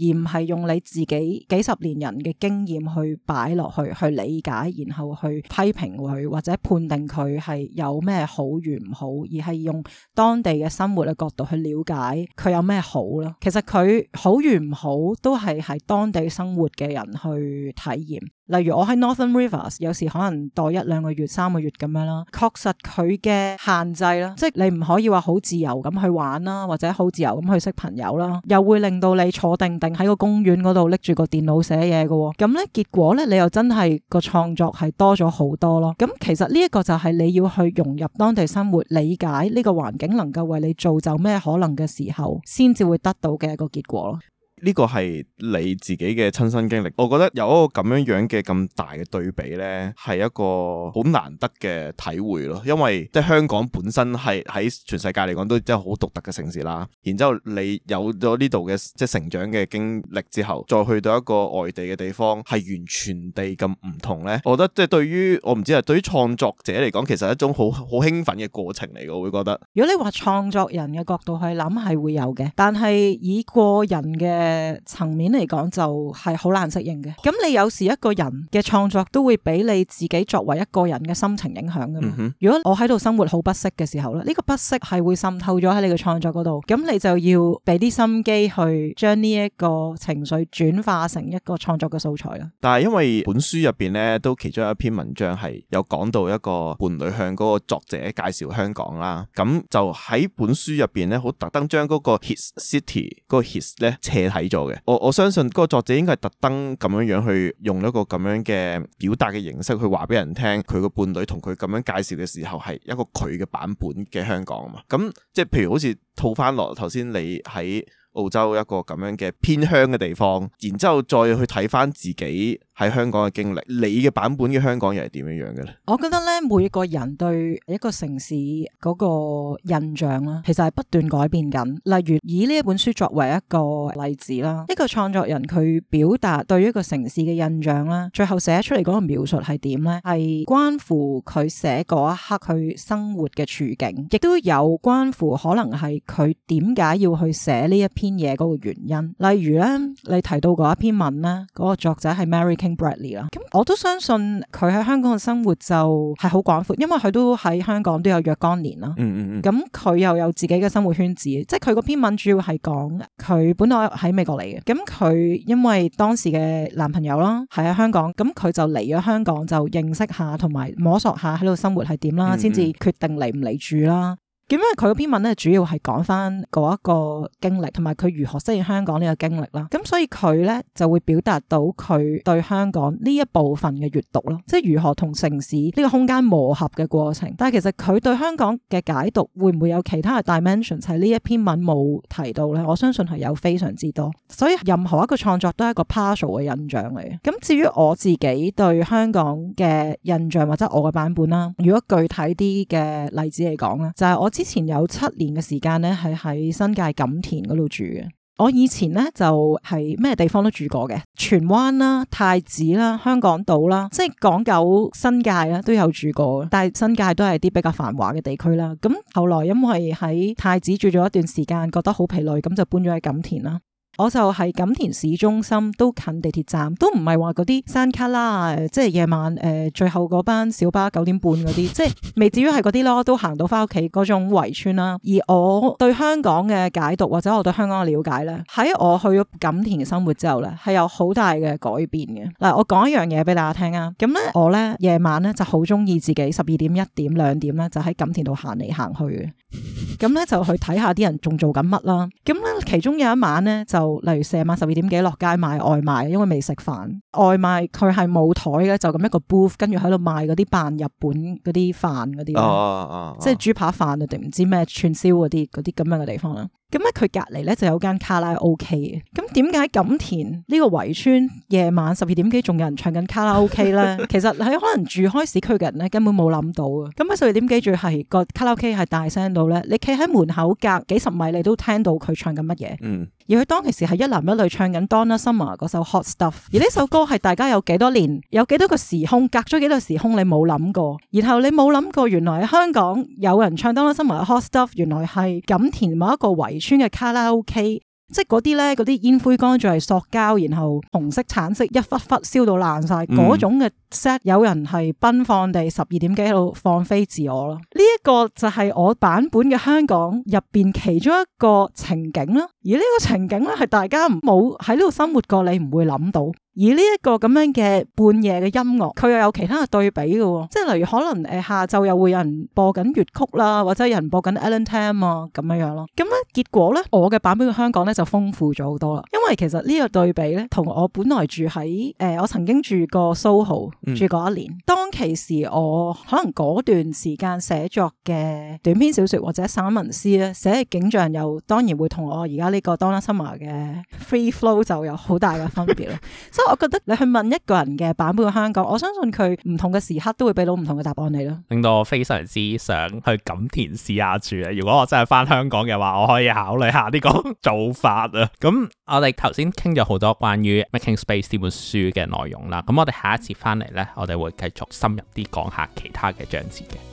而唔係用你自己幾十年人嘅經驗去擺落去去理解，然後去批評佢或者判定佢係有咩好與唔好，而係用當地嘅生活嘅角度去了解佢有咩好咯。其實佢好與唔好都係喺當地生活嘅人去體驗。例如我喺 Northern Rivers，有時可能待一兩個月、三個月咁樣啦，確實佢嘅限制啦，即係你唔可以話好自由咁去玩啦，或者好自由咁去識朋友啦，又會令到你坐定定喺個公園嗰度拎住個電腦寫嘢㗎喎。咁咧結果咧，你又真係個創作係多咗好多咯。咁其實呢一個就係你要去融入當地生活，理解呢個環境能夠為你造就咩可能嘅時候，先至會得到嘅一個結果咯。呢個係你自己嘅親身經歷，我覺得有一個咁樣樣嘅咁大嘅對比呢係一個好難得嘅體會咯。因為即係香港本身係喺全世界嚟講都真係好獨特嘅城市啦。然之後你有咗呢度嘅即係成長嘅經歷之後，再去到一個外地嘅地方係完全地咁唔同呢。我覺得即係對於我唔知係，對於創作者嚟講，其實係一種好好興奮嘅過程嚟嘅，我會覺得。如果你話創作人嘅角度去諗，係會有嘅，但係以個人嘅。誒，層面嚟講就係好難適應嘅。咁你有時一個人嘅創作都會俾你自己作為一個人嘅心情影響噶嘛。嗯、哼如果我喺度生活好不適嘅時候咧，呢、呢個不適係會滲透咗喺你嘅創作嗰度。咁你就要俾啲心機去將呢一個情緒轉化成一個創作嘅素材啦。但係因為本書入邊咧，都其中一篇文章係有講到一個伴侶向嗰個作者介紹香港啦。咁就喺本書入邊咧，好特登將嗰個 His City 嗰個 His 咧，斜體睇咗嘅，我我相信嗰個作者應該係特登咁樣樣去用一個咁樣嘅表達嘅形式去話俾人聽，佢個伴侶同佢咁樣介紹嘅時候係一個佢嘅版本嘅香港啊嘛，咁即係譬如好似套翻落頭先，你喺澳洲一個咁樣嘅偏鄉嘅地方，然之後再去睇翻自己。喺香港嘅經歷，你嘅版本嘅香港又係點樣樣嘅咧？我覺得咧，每個人對一個城市嗰個印象啦，其實係不斷改變緊，例如以呢一本書作為一個例子啦，一個創作人佢表達對於一個城市嘅印象啦，最後寫出嚟嗰個描述係點咧？係關乎佢寫嗰一刻佢生活嘅處境，亦都有關乎可能係佢點解要去寫呢一篇嘢嗰個原因。例如咧，你提到嗰一篇文咧，嗰個作者係 Mary King Bradley 啦，咁我都相信佢喺香港嘅生活就係好廣闊，因為佢都喺香港都有若干年啦。嗯嗯、mm，咁、hmm. 佢又有自己嘅生活圈子，即係佢個篇文主要係講佢本來喺美國嚟嘅，咁佢因為當時嘅男朋友啦，係喺香港，咁佢就嚟咗香港就認識下同埋摸索下喺度生活係點啦，先至、mm hmm. 決定嚟唔嚟住啦。點解佢篇文咧，主要係講翻嗰一個經歷同埋佢如何適應香港呢個經歷啦。咁所以佢咧就會表達到佢對香港呢一部分嘅閱讀咯，即係如何同城市呢個空間磨合嘅過程。但係其實佢對香港嘅解讀會唔會有其他嘅 dimension 係呢一篇文冇提到咧？我相信係有非常之多。所以任何一個創作都係一個 partial 嘅印象嚟嘅，咁至於我自己對香港嘅印象或者我嘅版本啦，如果具體啲嘅例子嚟講咧，就係我。之前有七年嘅時間咧，係喺新界錦田嗰度住嘅。我以前咧就係咩地方都住過嘅，荃灣啦、太子啦、香港島啦，即係港九新界啦都有住過。但係新界都係啲比較繁華嘅地區啦。咁後來因為喺太子住咗一段時間，覺得好疲累，咁就搬咗去錦田啦。我就係錦田市中心，都近地鐵站，都唔係話嗰啲山卡啦，呃、即係夜晚誒、呃，最後嗰班小巴九點半嗰啲，即係未至於係嗰啲咯，都行到翻屋企嗰種圍村啦。而我對香港嘅解讀或者我對香港嘅了解呢，喺我去咗錦田嘅生活之後呢，係有好大嘅改變嘅。嗱，我講一樣嘢俾大家聽啊。咁呢，我呢夜晚呢就好中意自己十二點、一點、兩點呢，就喺錦田度行嚟行去，咁呢，就去睇下啲人仲做緊乜啦。咁呢，其中有一晚呢就。就例如成晚十,十二點幾落街買外賣，因為未食飯。外賣佢係冇台嘅，就咁一個 booth，跟住喺度賣嗰啲扮日本嗰啲飯嗰啲，啊啊啊啊即係豬扒飯啊定唔知咩串燒嗰啲嗰啲咁樣嘅地方啦。咁咧佢隔籬咧就有間卡拉 O K 嘅，咁點解喺錦田呢個圍村夜晚十二點幾仲有人唱緊卡拉 O K 咧？ 其實喺可能住開市區嘅人咧根本冇諗到啊！咁喺十二點幾住係個卡拉 O K 係大聲到咧，你企喺門口隔幾十米你都聽到佢唱緊乜嘢？嗯，而佢當其時係一男一女唱緊 Donna Summer 嗰首 Hot Stuff，而呢首歌係大家有幾多年有幾多個時空隔咗幾多個時空你冇諗過，然後你冇諗過原來喺香港有人唱 Donna Summer 嘅 Hot Stuff，原來係錦田某一個圍。穿嘅卡拉 OK，即係嗰啲咧，嗰啲煙灰缸仲係塑膠，然後紅色、橙色一忽忽燒到爛晒，嗰、嗯、種嘅 set 有人係奔放地十二點幾喺度放飛自我咯。呢、這、一個就係我版本嘅香港入邊其中一個情景啦。而呢個情景咧，係大家冇喺呢度生活過，你唔會諗到。而呢一個咁樣嘅半夜嘅音樂，佢又有其他嘅對比嘅、哦，即係例如可能誒下晝又會有人播緊粵曲啦，或者有人播緊 Alan Tam 啊咁樣樣咯。咁咧結果咧，我嘅版本嘅香港咧就豐富咗好多啦。因為其實呢個對比咧，同我本來住喺誒、呃，我曾經住過 Soho、嗯、住過一年。當其時我可能嗰段時間寫作嘅短篇小説或者散文詩咧，寫嘅景象又當然會同我而家呢個 Donald Summer 嘅 Free Flow 就有好大嘅分別咯。所 我覺得你去問一個人嘅版本香港，我相信佢唔同嘅時刻都會俾到唔同嘅答案你咯。令到我非常之想去錦田試下住啊！如果我真係翻香港嘅話，我可以考慮下呢個做法啊！咁我哋頭先傾咗好多關於《Making Space》呢本書嘅內容啦。咁我哋下一節翻嚟呢，我哋會繼續深入啲講下其他嘅章節嘅。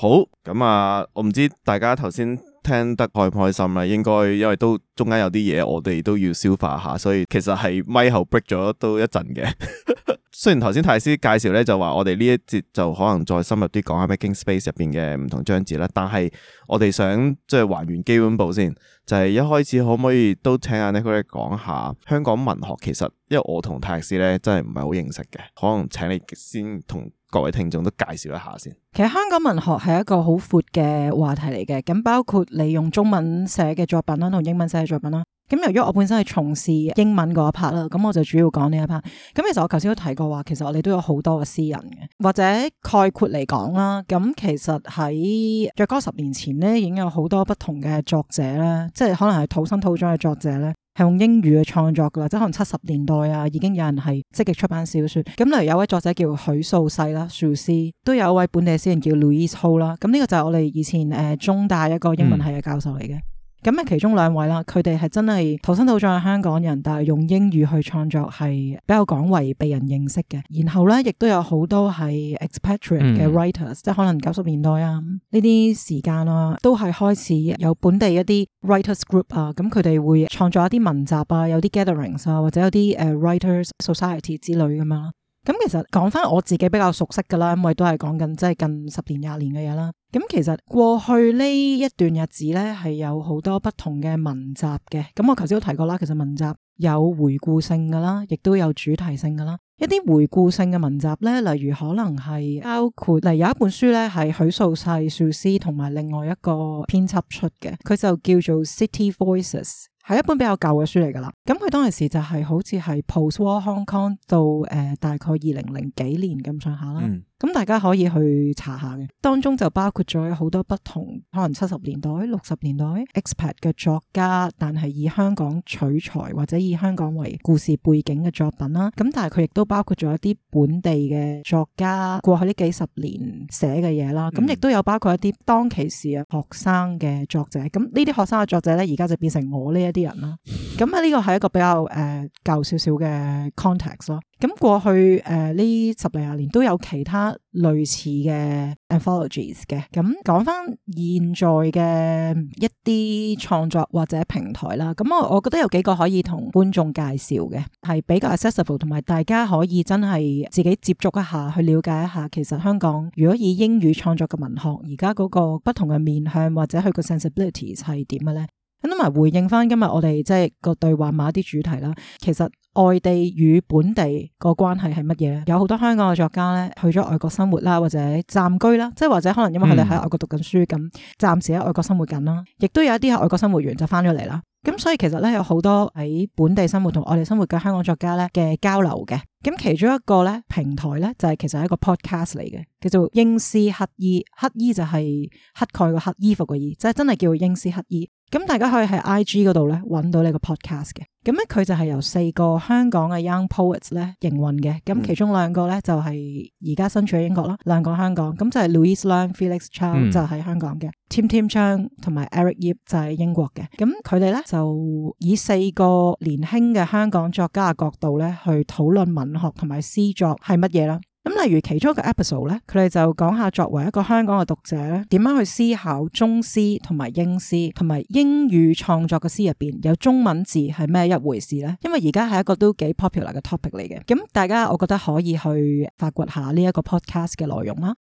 好咁啊、嗯！我唔知大家頭先聽得開唔開心啦，應該因為都中間有啲嘢，我哋都要消化下，所以其實係咪後 break 咗都一陣嘅。 雖然頭先泰師介紹咧就話我哋呢一節就可能再深入啲講下 Making Space 入邊嘅唔同章節啦，但係我哋想即係還原基本步先，就係、是、一開始可唔可以都請阿 Nicolette 咧講下香港文學其實，因為我同泰師咧真係唔係好認識嘅，可能請你先同。各位聽眾都介紹一下先。其實香港文學係一個好闊嘅話題嚟嘅，咁包括利用中文寫嘅作品啦，同英文寫嘅作品啦。咁由於我本身係從事英文嗰一 part 啦，咁我就主要講呢一 part。咁其實我頭先都提過話，其實我哋都有好多嘅詩人嘅，或者概括嚟講啦，咁其實喺最多十年前咧，已經有好多不同嘅作者啦，即係可能係土生土長嘅作者咧。用英語去創作噶啦，即可能七十年代啊，已經有人係積極出版小說。咁例如有位作者叫許素世啦，廚師都有一位本地詩人叫 Louise Ho 啦。咁呢個就係我哋以前、呃、中大一個英文系嘅教授嚟嘅。嗯咁啊，其中兩位啦，佢哋係真係土生土長嘅香港人，但係用英語去創作係比較廣為被人認識嘅。然後咧，亦都有好多係 expatriate 嘅 writers，嗯、即係可能九十年代啊呢啲時間啊，都係開始有本地一啲 writers group 啊，咁佢哋會創作一啲文集啊，有啲 gatherings 啊，或者有啲誒、uh, writers society 之類咁樣。咁其實講翻我自己比較熟悉噶啦，因為都係講緊即係近十年廿年嘅嘢啦。咁其實過去呢一段日子咧，係有好多不同嘅文集嘅。咁我頭先都提過啦，其實文集有回顧性噶啦，亦都有主題性噶啦。一啲回顧性嘅文集咧，例如可能係包括，嗱有一本書咧係許素世、樹師同埋另外一個編輯出嘅，佢就叫做 City Voices。係一本比較舊嘅書嚟噶啦，咁佢當陣時就係好似係 Post War Hong Kong 到誒、呃、大概二零零幾年咁上下啦。嗯咁大家可以去查下嘅，當中就包括咗好多不同，可能七十年代、六十年代 expat 嘅作家，但係以香港取材或者以香港為故事背景嘅作品啦。咁但係佢亦都包括咗一啲本地嘅作家，過去呢幾十年寫嘅嘢啦。咁亦、嗯、都有包括一啲當其時啊學生嘅作者。咁呢啲學生嘅作者呢，而家就變成我呢一啲人啦。咁啊，呢個係一個比較誒舊少少嘅 context 咯。咁過去誒呢、呃、十零廿年都有其他類似嘅 anthologies 嘅，咁講返現在嘅一啲創作或者平台啦，咁、嗯、我我覺得有幾個可以同觀眾介紹嘅，係比較 accessible，同埋大家可以真係自己接觸一下，去了解一下其實香港如果以英語創作嘅文學而家嗰個不同嘅面向或者佢個 sensibilities 係點嘅呢？咁同埋回應翻今日我哋即係個對話某一啲主題啦，其實外地與本地個關係係乜嘢？有好多香港嘅作家咧去咗外國生活啦，或者暫居啦，即係或者可能因為佢哋喺外國讀緊書，咁、嗯、暫時喺外國生活緊啦。亦都有一啲喺外國生活完就翻咗嚟啦。咁所以其實咧有好多喺本地生活同外地生活嘅香港作家咧嘅交流嘅。咁其中一個咧平台咧就係、是、其實係一個 podcast 嚟嘅，叫做英詩乞衣。乞衣就係乞丐個乞衣服個衣，即係真係叫英詩乞衣。咁大家可以喺 IG 嗰度咧揾到呢個 podcast 嘅，咁咧佢就係由四個香港嘅 young poets 咧營運嘅，咁其中兩個咧就係而家身處喺英國啦，兩個香港，咁就係 Louis Lan、Felix Chau 就喺香港嘅、嗯、，Tim Tim Chau 同埋 Eric Yip 就喺英國嘅，咁佢哋咧就以四個年輕嘅香港作家嘅角度咧去討論文學同埋詩作係乜嘢啦。咁例如其中一個 episode 咧，佢哋就講下作為一個香港嘅讀者咧，點樣去思考中詩同埋英詩，同埋英語創作嘅詩入邊有中文字係咩一回事咧？因為而家係一個都幾 popular 嘅 topic 嚟嘅，咁大家我覺得可以去發掘下呢一個 podcast 嘅內容啦。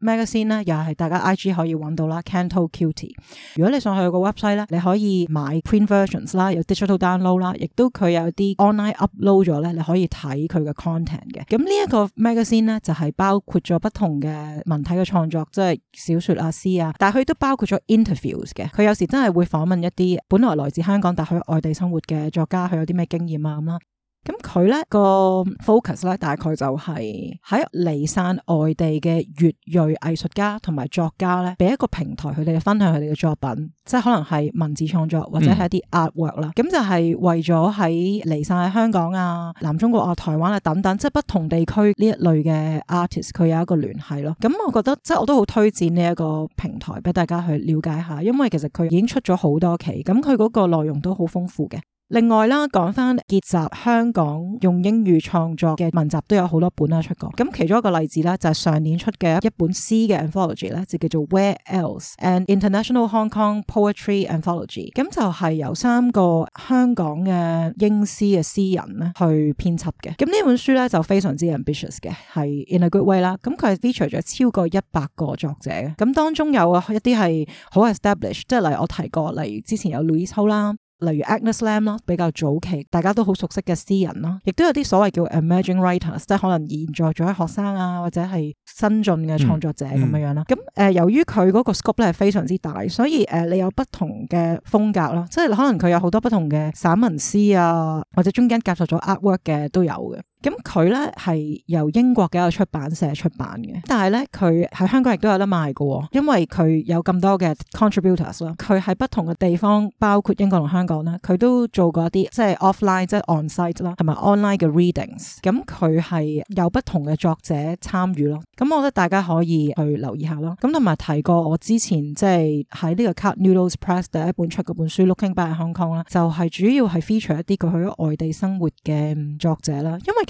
magazine 咧，又係大家 IG 可以揾到啦。Canto Cutie，如果你想去個 website 咧，你可以買 print versions 啦，有 digital download 啦，亦都佢有啲 online upload 咗咧，你可以睇佢嘅 content 嘅。咁呢一個 magazine 咧，就係包括咗不同嘅文體嘅創作，即係小說啊、詩啊，但係佢都包括咗 interviews 嘅。佢有時真係會訪問一啲本來來自香港，但係喺外地生活嘅作家，佢有啲咩經驗啊咁啦。咁佢咧個 focus 咧，大概就係喺離散外地嘅粵裔藝術家同埋作家咧，俾一個平台佢哋嘅分享佢哋嘅作品，即係可能係文字創作或者係一啲 artwork 啦、嗯。咁就係為咗喺離散喺香港啊、南中國啊、台灣啊等等，即係不同地區呢一類嘅 artist，佢有一個聯繫咯。咁我覺得即係我都好推薦呢一個平台俾大家去了解下，因為其實佢已經出咗好多期，咁佢嗰個內容都好豐富嘅。另外啦，講翻結集香港用英語創作嘅文集都有好多本啦出過。咁其中一個例子咧，就係上年出嘅一本詩嘅 anthology 咧，就叫做 Where Else An International Hong Kong Poetry Anthology。咁就係由三個香港嘅英詩嘅詩人咧去編輯嘅。咁呢本書咧就非常之 ambitious 嘅，係 in a good way 啦。咁佢係 feature 咗超過一百個作者嘅。咁當中有一啲係好 established，即係例如我提過，例如之前有 Louise Ho 啦。例如 Agnes Lam 咯，比較早期大家都好熟悉嘅詩人咯，亦都有啲所謂叫 Emerging Writers，即係可能現在仲做學生啊，或者係新進嘅創作者咁、嗯嗯、樣樣啦。咁、呃、誒，由於佢嗰個 scope 咧係非常之大，所以誒、呃、你有不同嘅風格啦，即係可能佢有好多不同嘅散文詩啊，或者中間夾雜咗 artwork 嘅都有嘅。咁佢咧係由英國嘅一個出版社出版嘅，但係咧佢喺香港亦都有得賣嘅，因為佢有咁多嘅 contributors 啦。佢喺不同嘅地方，包括英國同香港啦，佢都做過一啲即係 offline 即係 on site 啦，同埋 online 嘅 readings。咁佢係有不同嘅作者參與咯。咁我覺得大家可以去留意下咯。咁同埋提過我之前即係喺呢個 Cut Noodles Press 第一本出嘅本書《 Looking Back in Hong Kong》啦，就係主要係 feature 一啲佢去咗外地生活嘅作者啦，因為。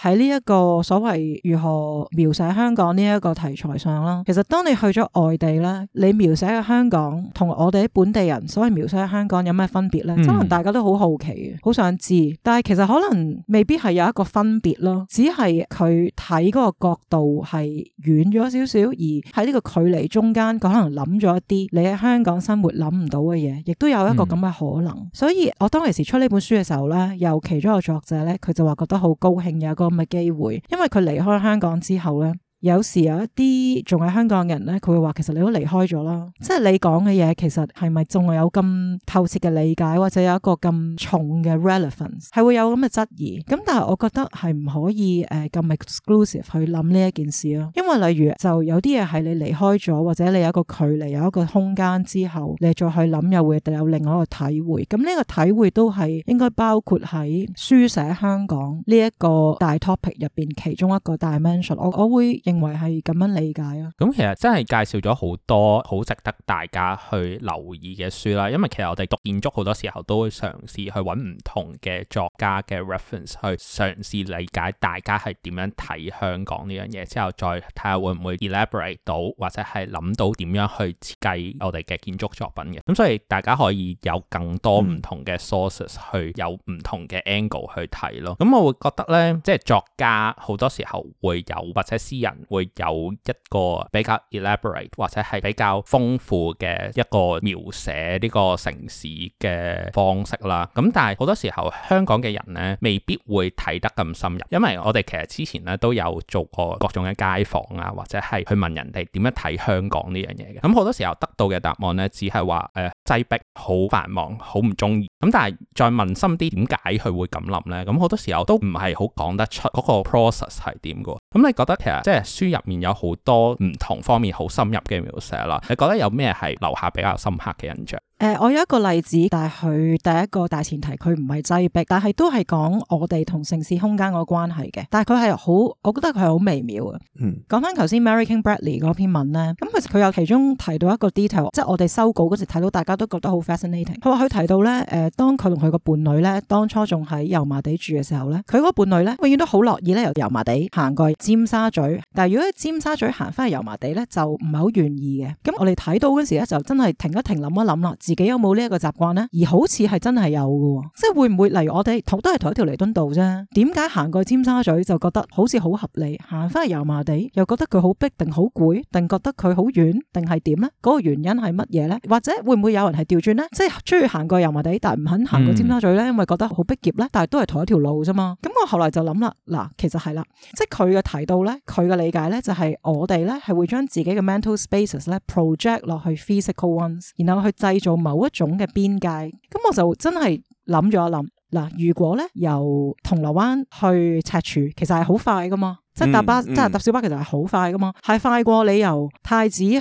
喺呢一個所謂如何描寫香港呢一個題材上咯，其實當你去咗外地咧，你描寫嘅香港同我哋本地人所謂描寫嘅香港有咩分別咧？可能、嗯、大家都好好奇，好想知，但係其實可能未必係有一個分別咯，只係佢睇嗰個角度係遠咗少少，而喺呢個距離中間佢可能諗咗一啲你喺香港生活諗唔到嘅嘢，亦都有一個咁嘅可能。嗯、所以我當時出呢本書嘅時候咧，有其中一個作者咧，佢就話覺得好高興有一個。咁嘅機會，因為，佢離開香港之後咧。有時有一啲仲係香港人咧，佢會話其實你都離開咗啦，即係你講嘅嘢其實係咪仲有咁透徹嘅理解，或者有一個咁重嘅 relevance，係會有咁嘅質疑。咁但係我覺得係唔可以誒咁、呃、exclusive 去諗呢一件事咯。因為例如就有啲嘢係你離開咗，或者你有一個距離、有一個空間之後，你再去諗又會有另外一個體會。咁呢個體會都係應該包括喺書寫香港呢一個大 topic 入邊其中一個 dimension。我我會。認為係咁樣理解咯、啊。咁其實真係介紹咗好多好值得大家去留意嘅書啦。因為其實我哋讀建築好多時候都會嘗試去揾唔同嘅作家嘅 reference 去嘗試理解大家係點樣睇香港呢樣嘢，之後再睇下會唔會 elaborate 到，或者係諗到點樣去設計我哋嘅建築作品嘅。咁所以大家可以有更多唔同嘅 sources、嗯、去有唔同嘅 angle 去睇咯。咁我會覺得呢，即係作家好多時候會有或者私人。會有一個比較 elaborate 或者係比較豐富嘅一個描寫呢個城市嘅方式啦。咁但係好多時候香港嘅人呢，未必會睇得咁深入，因為我哋其實之前呢都有做過各種嘅街訪啊，或者係去問人哋點樣睇香港呢樣嘢嘅。咁好多時候得到嘅答案呢，只係話誒「擠迫」、「好繁忙」、「好唔中意」。咁但係再問深啲，點解佢會咁諗呢？咁好多時候都唔係好講得出嗰個 process 係點嘅。咁你覺得其實即係書入面有好多唔同方面好深入嘅描寫啦，你覺得有咩係留下比較深刻嘅印象？誒，我有一個例子，但係佢第一個大前提，佢唔係擠逼，但係都係講我哋同城市空間個關係嘅。但係佢係好，我覺得佢係好微妙嘅。嗯，講翻頭先，Mary King Bradley 嗰篇文咧，咁其實佢有其中提到一個 detail，即係我哋收稿嗰時睇到，大家都覺得好 fascinating。佢話佢提到咧，誒，當佢同佢個伴侶咧，當初仲喺油麻地住嘅時候咧，佢個伴侶咧永遠都好樂意咧由油麻地行過去尖沙咀，但係如果喺尖沙咀行翻去油麻地咧，就唔係好願意嘅。咁我哋睇到嗰時咧，就真係停一停諗一諗啦。自己有冇呢一個習慣呢？而好似係真係有嘅，即係會唔會嚟我哋都係同一條彌敦道啫？點解行過尖沙咀就覺得好似好合理，行翻去油麻地又覺得佢好逼，定好攰，定覺得佢好遠，定係點呢？嗰、那個原因係乜嘢呢？或者會唔會有人係調轉呢？即係鍾意行過油麻地，但唔肯行過尖沙咀呢，因為覺得好逼攪呢？但係都係同一條路啫嘛。咁、嗯、我後嚟就諗啦，嗱，其實係啦，即係佢嘅態度呢，佢嘅理解呢，就係、是、我哋呢係會將自己嘅 mental spaces 咧 project 落去 physical ones，然後去製造。某一種嘅邊界，咁我就真係諗咗一諗，嗱，如果咧由銅鑼灣去赤柱，其實係好快噶嘛，嗯、即係搭巴，即係搭小巴，其實係好快噶嘛，係快過你由太子去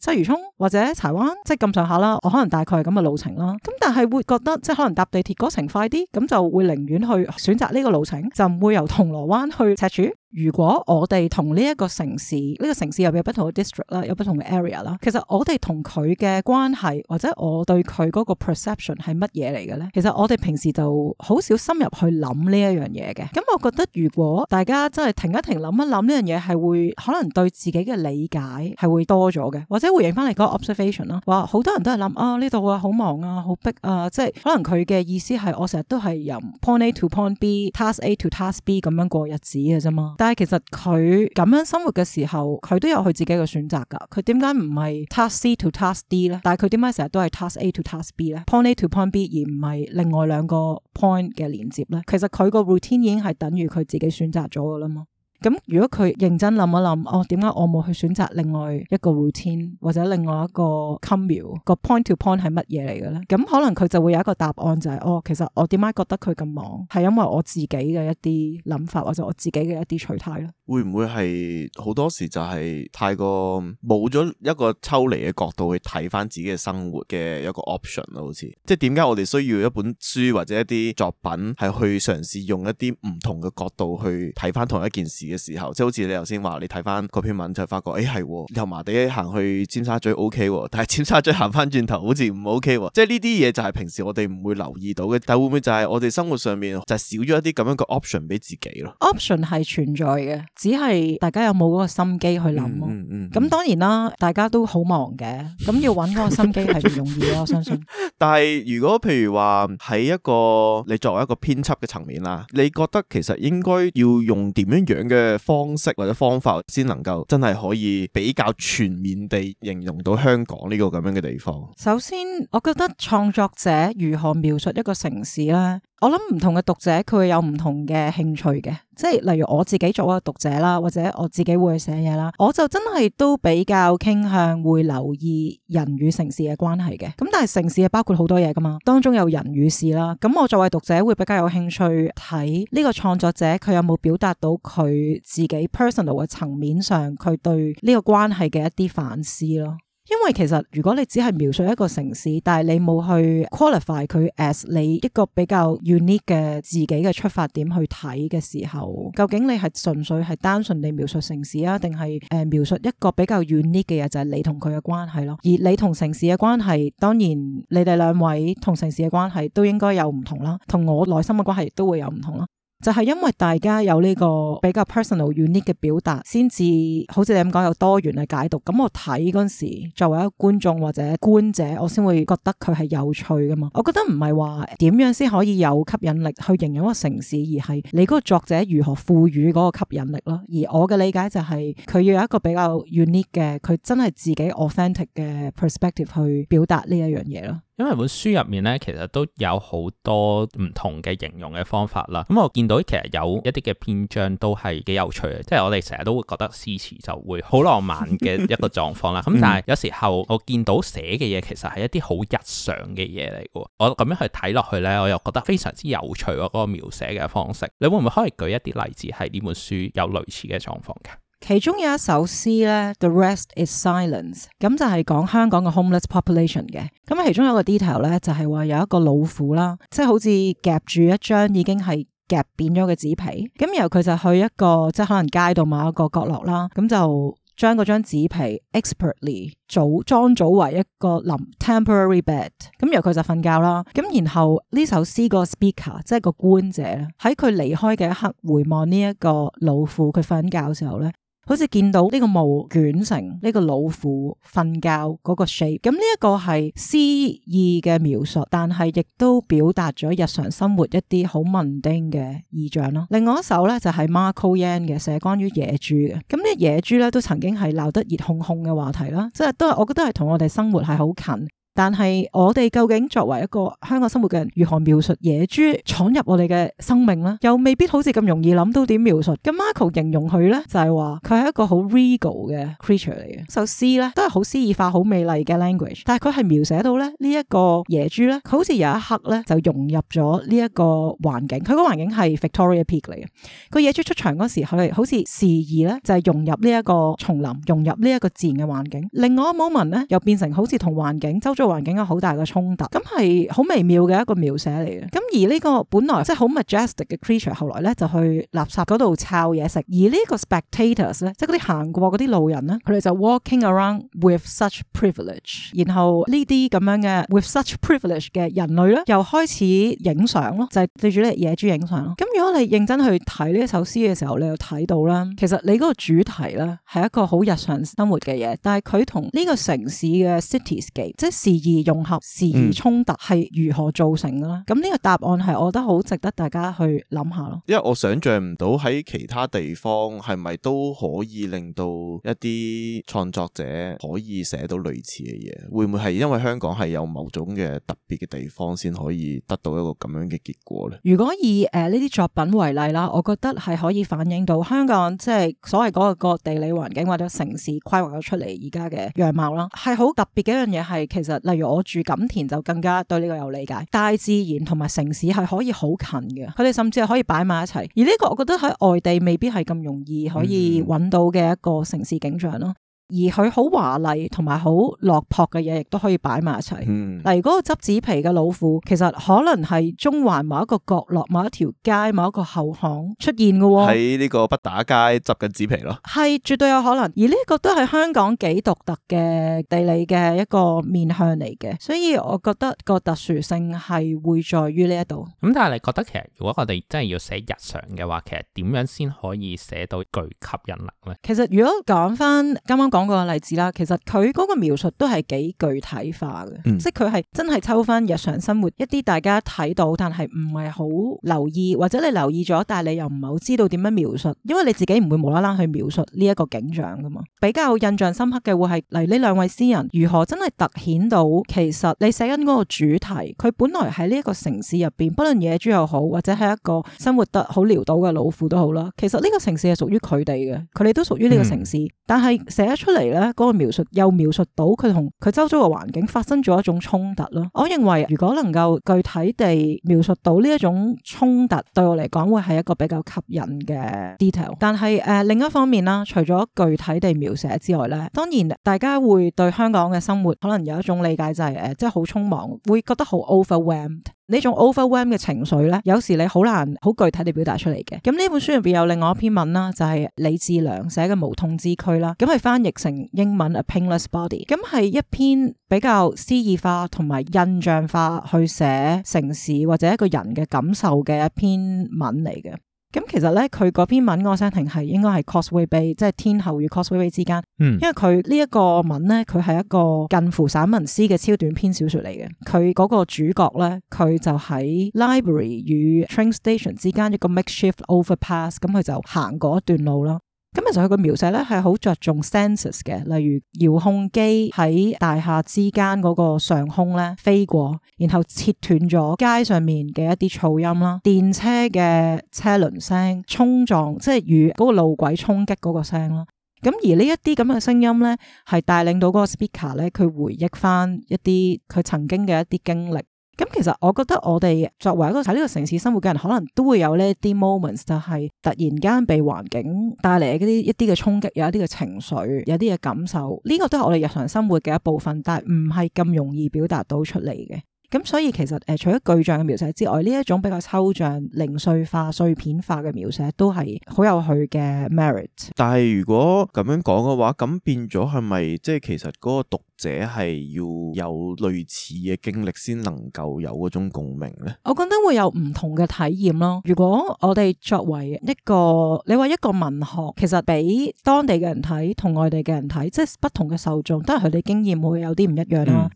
鰂魚涌或者柴灣，即係咁上下啦。我可能大概係咁嘅路程啦。咁但係會覺得即係可能搭地鐵嗰程快啲，咁就會寧願去選擇呢個路程，就唔會由銅鑼灣去赤柱。如果我哋同呢一個城市，呢個城市入面有不同嘅 district 啦，有不同嘅 area 啦，其實我哋同佢嘅關係，或者我對佢嗰個 perception 係乜嘢嚟嘅咧？其實我哋平時就好少深入去諗呢一樣嘢嘅。咁、嗯、我覺得如果大家真係停一停諗一諗呢樣嘢，係會可能對自己嘅理解係會多咗嘅，或者回應翻嚟嗰個 observation 啦。話好多人都係諗啊呢度啊好忙啊好逼啊，即係可能佢嘅意思係我成日都係由 point A to point B，task A to task B 咁樣過日子嘅啫嘛。但係其實佢咁樣生活嘅時候，佢都有佢自己嘅選擇噶。佢點解唔係 Task C to Task D 咧？但係佢點解成日都係 Task A to Task B 咧？Point A to point B 而唔係另外兩個 point 嘅連接咧？其實佢個 routine 已經係等於佢自己選擇咗噶啦嘛。咁如果佢認真諗一諗哦，點解我冇去選擇另外一個 routine 或者另外一個 commute 個 point to point 係乜嘢嚟嘅咧？咁可能佢就會有一個答案，就是，就係哦，其實我點解覺得佢咁忙，係因為我自己嘅一啲諗法或者我自己嘅一啲取態咧，會唔會係好多時就係、是、太過冇咗一個抽離嘅角度去睇翻自己嘅生活嘅一個 option 咯？好似即係點解我哋需要一本書或者一啲作品係去嘗試用一啲唔同嘅角度去睇翻同一件事？嘅時候，即係好似你頭先話，你睇翻嗰篇文就發覺，誒係油麻地行去尖沙咀 O K，但係尖沙咀行翻轉頭好似唔 O K，即係呢啲嘢就係平時我哋唔會留意到嘅，但係會唔會就係我哋生活上面就少咗一啲咁樣嘅 option 俾自己咯？Option 係存在嘅，只係大家有冇嗰個心機去諗咯。咁、嗯嗯嗯、當然啦，大家都好忙嘅，咁要揾嗰個心機係唔容易咯， 我相信。 但係如果譬如話喺一個你作為一個編輯嘅層面啦，你覺得其實應該要用點樣樣嘅？嘅方式或者方法，先能夠真係可以比較全面地形容到香港呢個咁樣嘅地方。首先，我覺得創作者如何描述一個城市咧？我諗唔同嘅讀者佢會有唔同嘅興趣嘅，即係例如我自己做一個讀者啦，或者我自己會寫嘢啦，我就真係都比較傾向會留意人與城市嘅關係嘅。咁但係城市係包括好多嘢㗎嘛，當中有人與事啦。咁我作為讀者會比較有興趣睇呢個創作者佢有冇表達到佢自己 personal 嘅層面上佢對呢個關係嘅一啲反思咯。因為其實如果你只係描述一個城市，但係你冇去 qualify 佢 as 你一個比較 unique 嘅自己嘅出發點去睇嘅時候，究竟你係純粹係單純地描述城市啊，定係誒描述一個比較 unique 嘅嘢，就係你同佢嘅關係咯。而你同城市嘅關係，當然你哋兩位同城市嘅關係都應該有唔同啦，同我內心嘅關係都會有唔同啦。就係因為大家有呢個比較 personal unique 嘅表達，先至好似你咁講有多元嘅解讀。咁我睇嗰陣時，作為一個觀眾或者觀者，我先會覺得佢係有趣㗎嘛。我覺得唔係話點樣先可以有吸引力去形容一個城市，而係你嗰個作者如何賦予嗰個吸引力咯。而我嘅理解就係，佢要有一個比較 unique 嘅，佢真係自己 authentic 嘅 perspective 去表達呢一樣嘢咯。因為本書入面咧，其實都有好多唔同嘅形容嘅方法啦。咁我見到其實有一啲嘅篇章都係幾有趣嘅，即係我哋成日都會覺得詩詞就會好浪漫嘅一個狀況啦。咁 但係有時候我見到寫嘅嘢其實係一啲好日常嘅嘢嚟嘅，我咁樣去睇落去呢，我又覺得非常之有趣嗰個描寫嘅方式。你會唔會可以舉一啲例子係呢本書有類似嘅狀況嘅？其中有一首詩咧，The Rest is Silence，咁、嗯、就係、是、講香港嘅 homeless population 嘅。咁、嗯、其中有一個 detail 咧，就係、是、話有一個老婦啦，即係好似夾住一張已經係夾扁咗嘅紙皮，咁、嗯、然後佢就去一個即係可能街度某一個角落啦，咁、嗯、就將嗰張紙皮 expertly 組裝組為一個臨時 temporary bed，咁、嗯、然後佢就瞓覺啦。咁、嗯、然後呢首詩個 speaker，即係個觀者喺佢離開嘅一刻回望呢一個老婦，佢瞓緊覺嘅時候咧。好似見到呢個毛捲成呢、呢個老虎瞓覺嗰、呢個 shape，咁呢一個係詩意嘅描述，但係亦都表達咗日常生活一啲好文丁嘅意象咯。另外一首咧就係 Marco Yan 嘅寫關於野豬嘅，咁、呢個、呢野豬咧都曾經係鬧得熱烘烘嘅話題啦，即係都係我覺得係同我哋生活係好近。但係我哋究竟作為一個香港生活嘅人，如何描述野豬闖入我哋嘅生命呢？又未必好似咁容易諗到點描述。咁 Michael 形容佢呢，就係話佢係一個好 regal 嘅 creature 嚟嘅。首、so, 詩呢，都係好詩意化、好美麗嘅 language。但係佢係描寫到咧呢一個野豬呢，佢好似有一刻呢就融入咗呢一個環境。佢個環境係 Victoria Peak 嚟嘅。個野豬出場嗰時候，佢好似示意呢就係、是、融入呢一個叢林，融入呢一個自然嘅環境。另外一個 moment 呢，又變成好似同環境周遭。環境有好大嘅衝突，咁係好微妙嘅一個描寫嚟嘅。咁而呢個本來即係好 majestic 嘅 creature，後來咧就去垃圾嗰度抄嘢食。而呢個 spectators 咧，即係嗰啲行過嗰啲路人咧，佢哋就 walking around with such privilege。然後呢啲咁樣嘅 with such privilege 嘅人類咧，又開始影相咯，就係對住啲野豬影相咯。咁如果你認真去睇呢一首詩嘅時候，你就睇到啦，其實你嗰個主題咧係一個好日常生活嘅嘢，但係佢同呢個城市嘅 cityscape 嘅即係。時而融合，時而衝突，係如何造成嘅咧？咁呢、嗯、個答案係，我覺得好值得大家去諗下咯。因為我想象唔到喺其他地方係咪都可以令到一啲創作者可以寫到類似嘅嘢？會唔會係因為香港係有某種嘅特別嘅地方，先可以得到一個咁樣嘅結果咧？如果以誒呢啲作品為例啦，我覺得係可以反映到香港即係、就是、所謂嗰個個地理環境或者城市規劃咗出嚟而家嘅樣貌啦。係好特別嘅一樣嘢係，其實。例如我住錦田就更加對呢個有理解，大自然同埋城市係可以好近嘅，佢哋甚至係可以擺埋一齊。而呢個我覺得喺外地未必係咁容易可以揾到嘅一個城市景象咯。嗯而佢好華麗同埋好落魄嘅嘢，亦都可以擺埋一齊。嗱、嗯，如果個執紙皮嘅老虎，其實可能係中環某一個角落、某一條街、某一個後巷出現嘅喎、哦。喺呢個不打街執緊紙皮咯，係絕對有可能。而呢一個都係香港幾獨特嘅地理嘅一個面向嚟嘅，所以我覺得個特殊性係會在於呢一度。咁但係你覺得其實，如果我哋真係要寫日常嘅話，其實點樣先可以寫到具吸引力呢？其實如果講返啱啱講。講個例子啦，其實佢嗰個描述都係幾具體化嘅，嗯、即係佢係真係抽翻日常生活一啲大家睇到但係唔係好留意，或者你留意咗但係你又唔係好知道點樣描述，因為你自己唔會無啦啦去描述呢一個景象噶嘛。比較印象深刻嘅會係，嚟呢兩位詩人如何真係突顯到，其實你寫緊嗰個主題，佢本來喺呢一個城市入邊，不論野豬又好，或者係一個生活得好潦倒嘅老虎都好啦，其實呢個城市係屬於佢哋嘅，佢哋都屬於呢個城市，嗯、但係寫一出。出嚟咧，嗰個描述又描述到佢同佢周遭嘅環境發生咗一種衝突咯。我認為如果能夠具體地描述到呢一種衝突，對我嚟講會係一個比較吸引嘅 detail 但。但係誒，另一方面啦，除咗具體地描寫之外咧，當然大家會對香港嘅生活可能有一種理解、就是，就係誒，即係好匆忙，會覺得好 overwhelmed。呢種 overwhelm 嘅情緒咧，有時你好難好具體地表達出嚟嘅。咁呢本書入邊有另外一篇文啦，就係李智良寫嘅《無痛之軀》啦，咁佢翻譯成英文《A Painless Body》，咁係一篇比較詩意化同埋印象化去寫城市或者一個人嘅感受嘅一篇文嚟嘅。咁其實咧，佢嗰篇文聲 Bay，我 senting 係應該係 cos 薇薇，即係天后與 cos We 薇薇之間。因為佢呢一個文咧，佢係一個近乎散文詩嘅超短篇小說嚟嘅。佢嗰個主角咧，佢就喺 library 與 train station 之間一個 makeshift overpass，咁佢就行過一段路啦。今日就佢個描寫咧，係好着重 senses 嘅，例如遙控機喺大廈之間嗰個上空咧飛過，然後切斷咗街上面嘅一啲噪音啦，電車嘅車輪聲、衝撞，即係與嗰個路軌衝擊嗰個聲啦。咁而呢一啲咁嘅聲音咧，係帶領到嗰個 speaker 咧，佢回憶翻一啲佢曾經嘅一啲經歷。咁其實我覺得我哋作為一個喺呢個城市生活嘅人，可能都會有呢啲 moments，就係突然間被環境帶嚟啲一啲嘅衝擊，有一啲嘅情緒，有啲嘅感受，呢個都係我哋日常生活嘅一部分，但係唔係咁容易表達到出嚟嘅。咁所以其實誒、呃，除咗具象嘅描寫之外，呢一種比較抽象、零碎化、碎片化嘅描寫都係好有佢嘅 merit。但係如果咁樣講嘅話，咁變咗係咪即係其實嗰個讀者係要有類似嘅經歷先能夠有嗰種共鳴呢？我覺得會有唔同嘅體驗咯。如果我哋作為一個，你話一個文學，其實俾當地嘅人睇同外地嘅人睇，即係不同嘅受眾，都係佢哋經驗會有啲唔一樣咯。嗯。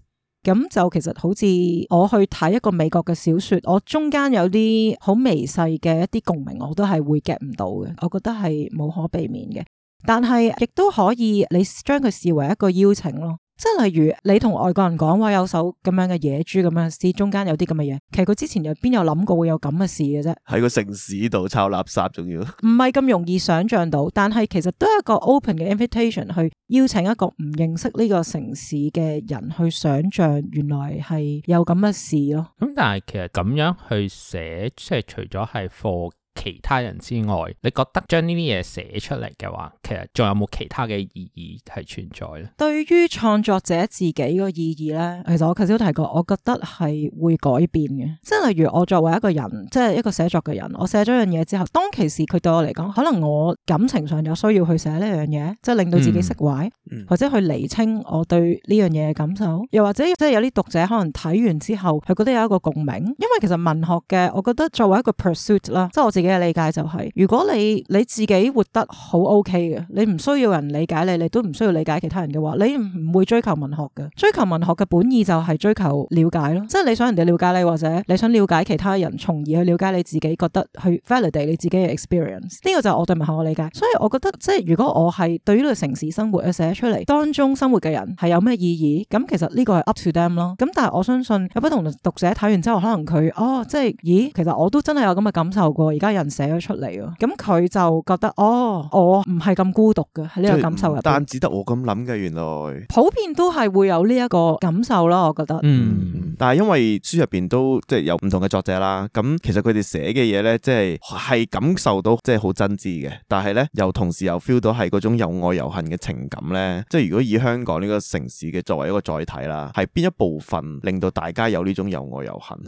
咁就其實好似我去睇一個美國嘅小說，我中間有啲好微細嘅一啲共鳴，我都係會 get 唔到嘅。我覺得係無可避免嘅，但係亦都可以你將佢視為一個邀請咯。即係例如你同外國人講話有首咁樣嘅野豬咁樣詩，中間有啲咁嘅嘢，其實佢之前又邊有諗過會有咁嘅事嘅啫？喺個城市度抄垃圾仲要，唔係咁容易想象到，但係其實都係一個 open 嘅 invitation 去邀請一個唔認識呢個城市嘅人去想象，原來係有咁嘅事咯。咁但係其實咁樣去寫，即係除咗係課。其他人之外，你覺得將呢啲嘢寫出嚟嘅話，其實仲有冇其他嘅意義係存在咧？對於創作者自己個意義咧，其實我頭先提過，我覺得係會改變嘅。即係例如我作為一個人，即係一個寫作嘅人，我寫咗樣嘢之後，當其時佢對我嚟講，可能我感情上有需要去寫呢樣嘢，即係令到自己釋懷，嗯嗯、或者去厘清我對呢樣嘢嘅感受。又或者即係有啲讀者可能睇完之後，佢覺得有一個共鳴。因為其實文學嘅，我覺得作為一個 pursuit 啦，即係我自己嘅理解就係，如果你你自己活得好 OK 嘅，你唔需要人理解你，你都唔需要理解其他人嘅話，你唔會追求文學嘅。追求文學嘅本意就係追求了解咯，即係你想人哋了解你，或者你想了解其他人，從而去了解你自己覺得去 validate 你自己嘅 experience。呢個就係我對文學嘅理解。所以我覺得即係如果我係對於呢個城市生活嘅寫出嚟當中生活嘅人係有咩意義，咁其實呢個係 up to them 咯。咁但係我相信有不同讀者睇完之後，可能佢哦，即係咦，其實我都真係有咁嘅感受過，而家。人寫咗出嚟咯，咁佢就覺得哦，我唔係咁孤獨嘅呢個感受入，但只得我咁諗嘅，原來普遍都係會有呢一個感受咯，我覺得。嗯，但係因為書入邊都即係、就是、有唔同嘅作者啦，咁其實佢哋寫嘅嘢呢，即係係感受到即係好真摯嘅，但係呢，又同時又 feel 到係嗰種又愛又恨嘅情感呢。即、就、係、是、如果以香港呢個城市嘅作為一個載體啦，係邊一部分令到大家有呢種又愛又恨？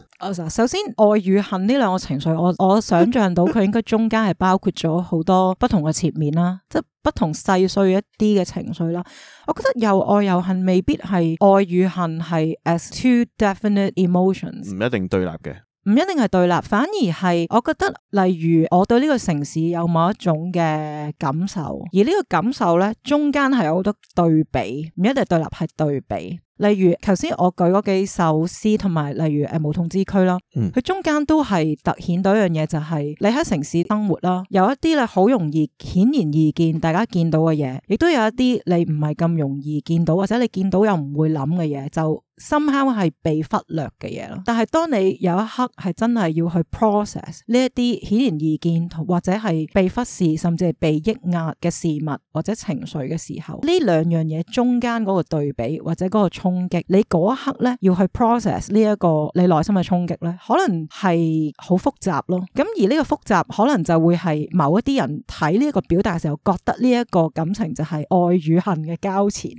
首先愛與恨呢兩個情緒，我我想象。 到佢應該中間係包括咗好多不同嘅切面啦，即係不同細碎一啲嘅情緒啦。我覺得又愛又恨未必係愛與恨係 as two definite emotions，唔一定對立嘅。唔一定係對立，反而係我覺得，例如我對呢個城市有某一種嘅感受，而呢個感受咧，中間係有好多對比，唔一定對立，係對比。例如，頭先我舉嗰幾首詩，同埋例如誒無痛之區啦，佢、嗯、中間都係突顯到一樣嘢，就係、是、你喺城市生活啦，有一啲咧好容易顯然易見，大家見到嘅嘢，亦都有一啲你唔係咁容易見到，或者你見到又唔會諗嘅嘢就。深刻係被忽略嘅嘢咯，但係當你有一刻係真係要去 process 呢一啲顯而易見或者係被忽視甚至係被抑壓嘅事物或者情緒嘅時候，呢兩樣嘢中間嗰個對比或者嗰個衝擊，你嗰一刻呢要去 process 呢一個你內心嘅衝擊呢，可能係好複雜咯。咁而呢個複雜可能就會係某一啲人睇呢一個表達嘅時候，覺得呢一個感情就係愛與恨嘅交纏，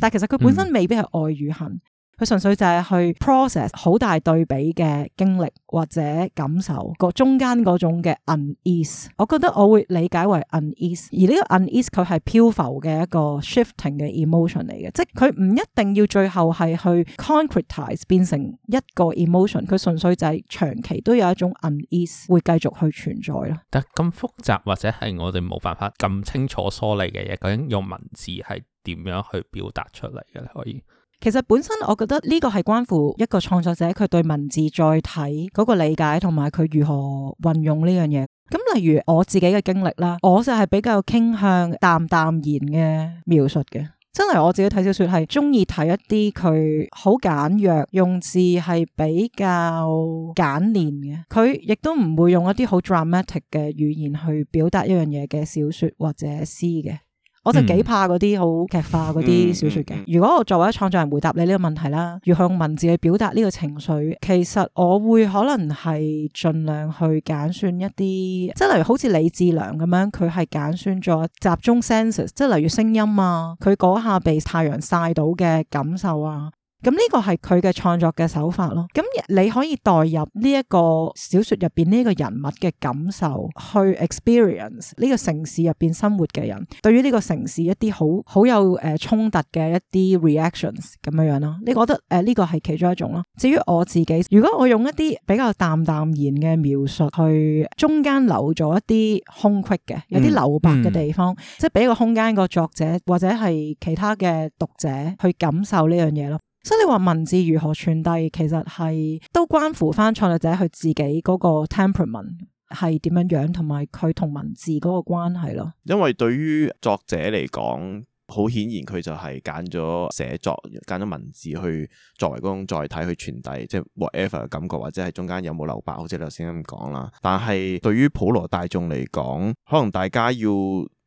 但其實佢本身未必係愛與恨。純粹就係去 process 好大對比嘅經歷或者感受個中間嗰種嘅 unease，我覺得我會理解為 unease，而呢個 unease 佢係漂浮嘅一個 shifting 嘅 emotion 嚟嘅，即係佢唔一定要最後係去 concretize 變成一個 emotion，佢純粹就係長期都有一種 unease 會繼續去存在咯。但咁複雜或者係我哋冇辦法咁清楚梳理嘅嘢，究竟用文字係點樣去表達出嚟嘅咧？你可以。其實本身我覺得呢個係關乎一個創作者佢對文字載體嗰個理解，同埋佢如何運用呢樣嘢。咁例如我自己嘅經歷啦，我就係比較傾向淡淡然嘅描述嘅。真係我自己睇小說係中意睇一啲佢好簡約，用字係比較簡練嘅。佢亦都唔會用一啲好 dramatic 嘅語言去表達一樣嘢嘅小說或者詩嘅。我就幾怕嗰啲好劇化嗰啲小説嘅。如果我作為一創造人回答你呢個問題啦，要向文字去表達呢個情緒，其實我會可能係盡量去揀選一啲，即係例如好似李智良咁樣，佢係揀選咗集中 senses，即係例如聲音啊，佢嗰下被太陽曬到嘅感受啊。咁呢個係佢嘅創作嘅手法咯。咁你可以代入呢一個小說入邊呢一個人物嘅感受，去 experience 呢個城市入邊生活嘅人，對於呢個城市一啲好好有誒衝突嘅一啲 reactions 咁樣樣咯。你覺得誒呢、呃這個係其中一種咯。至於我自己，如果我用一啲比較淡淡然嘅描述，去中間留咗一啲空隙嘅，有啲留白嘅地方，嗯嗯、即係俾個空間個作者或者係其他嘅讀者去感受呢樣嘢咯。所以你話文字如何傳遞，其實係都關乎翻創作者佢自己嗰個 temperament 係點樣樣，同埋佢同文字嗰個關係咯。因為對於作者嚟講，好顯然佢就係揀咗寫作、揀咗文字去作為嗰種載體去傳遞，即係 whatever 嘅感覺，或者係中間有冇留白，好似頭先咁講啦。但係對於普羅大眾嚟講，可能大家要，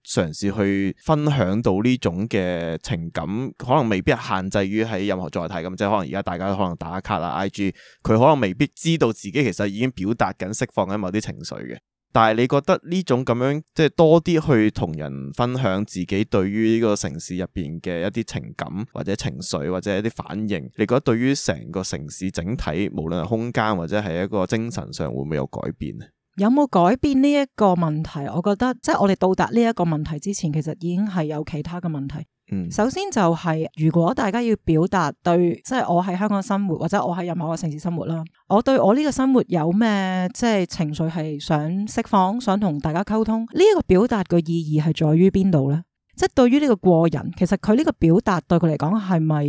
嘗試去分享到呢種嘅情感，可能未必係限制於喺任何載體咁，即係可能而家大家可能打卡啦、IG，佢可能未必知道自己其實已經表達緊、釋放緊某啲情緒嘅。但係你覺得呢種咁樣，即係多啲去同人分享自己對於呢個城市入邊嘅一啲情感或者情緒或者一啲反應，你覺得對於成個城市整體，無論係空間或者係一個精神上，會唔會有改變咧？有冇改變呢一個問題？我覺得即係我哋到達呢一個問題之前，其實已經係有其他嘅問題。嗯，首先就係如果大家要表達對，即係我喺香港生活或者我喺任何一個城市生活啦，我對我呢個生活有咩即係情緒係想釋放、想同大家溝通，呢一個表達嘅意義係在於邊度呢？即係對於呢個過人，其實佢呢個表達對佢嚟講係咪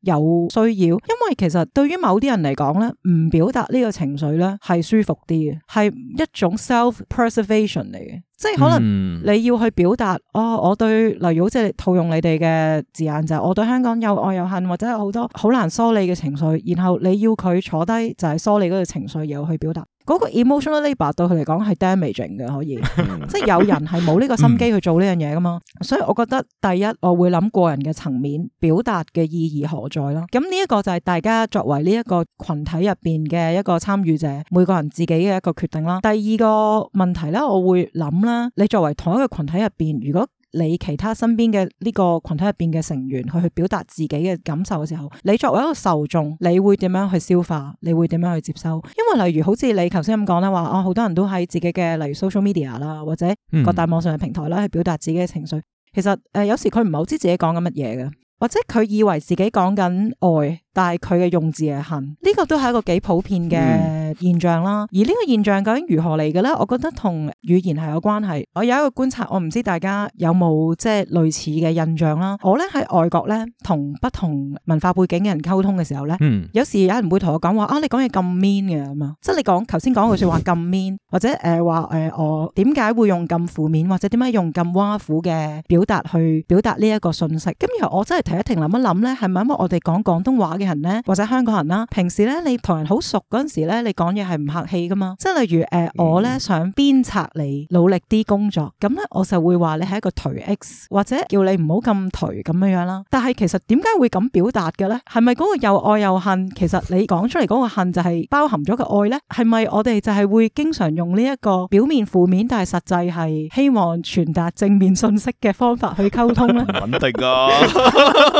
有需要？因為其實對於某啲人嚟講呢，唔表達呢個情緒呢，係舒服啲嘅，係一種 self-preservation 嚟嘅。即係可能你要去表達哦，我對，例如，好似係套用你哋嘅字眼就係、是，我對香港有愛有恨，或者係好多好難梳理嘅情緒。然後你要佢坐低就係、是、梳理嗰個情緒，然後去表達。嗰、那個 emotional labour 對佢嚟講係 damaging 嘅，可以， 即係有人係冇呢個心機去做呢樣嘢噶嘛。所以我覺得第一，我會諗個人嘅層面表達嘅意義何在咯。咁呢一個就係大家作為呢一個群體入邊嘅一個參與者，每個人自己嘅一個決定啦。第二個問題咧，我會諗。你作為同一個群體入邊，如果你其他身邊嘅呢個群體入邊嘅成員去去表達自己嘅感受嘅時候，你作為一個受眾，你會點樣去消化？你會點樣去接收？因為例如好似你頭先咁講啦，話哦，好多人都喺自己嘅例如 social media 啦，或者各大網上嘅平台啦，去表達自己嘅情緒。其實誒、呃，有時佢唔係好知自己講緊乜嘢嘅，或者佢以為自己講緊愛。但係佢嘅用字係恨，呢、呢個都係一個幾普遍嘅現象啦。而呢個現象究竟如何嚟嘅咧？我覺得同語言係有關係。我有一個觀察，我唔知大家有冇即係類似嘅印象啦。我咧喺外國咧，同不同文化背景嘅人溝通嘅時候咧，嗯、有時有人會同我講話啊，你講嘢咁 mean 嘅咁啊，即係你講頭先講句說話咁 mean，或者誒話誒我點解會用咁負面，或者點解用咁挖苦嘅表達去表達呢一個信息？咁然後我真係停一停，諗一諗咧，係咪因為我哋講廣東話嘅？人咧，或者香港人啦，平時咧，你同人好熟嗰陣時咧，你講嘢係唔客氣噶嘛。即係例如誒、呃，我咧想鞭策你努力啲工作，咁咧我就會話你係一個頹 x，或者叫你唔好咁頹咁樣樣啦。但係其實點解會咁表達嘅咧？係咪嗰個又愛又恨？其實你講出嚟嗰個恨就係包含咗個愛咧？係咪我哋就係會經常用呢一個表面負面，但係實際係希望傳達正面信息嘅方法去溝通咧？ 肯定噶！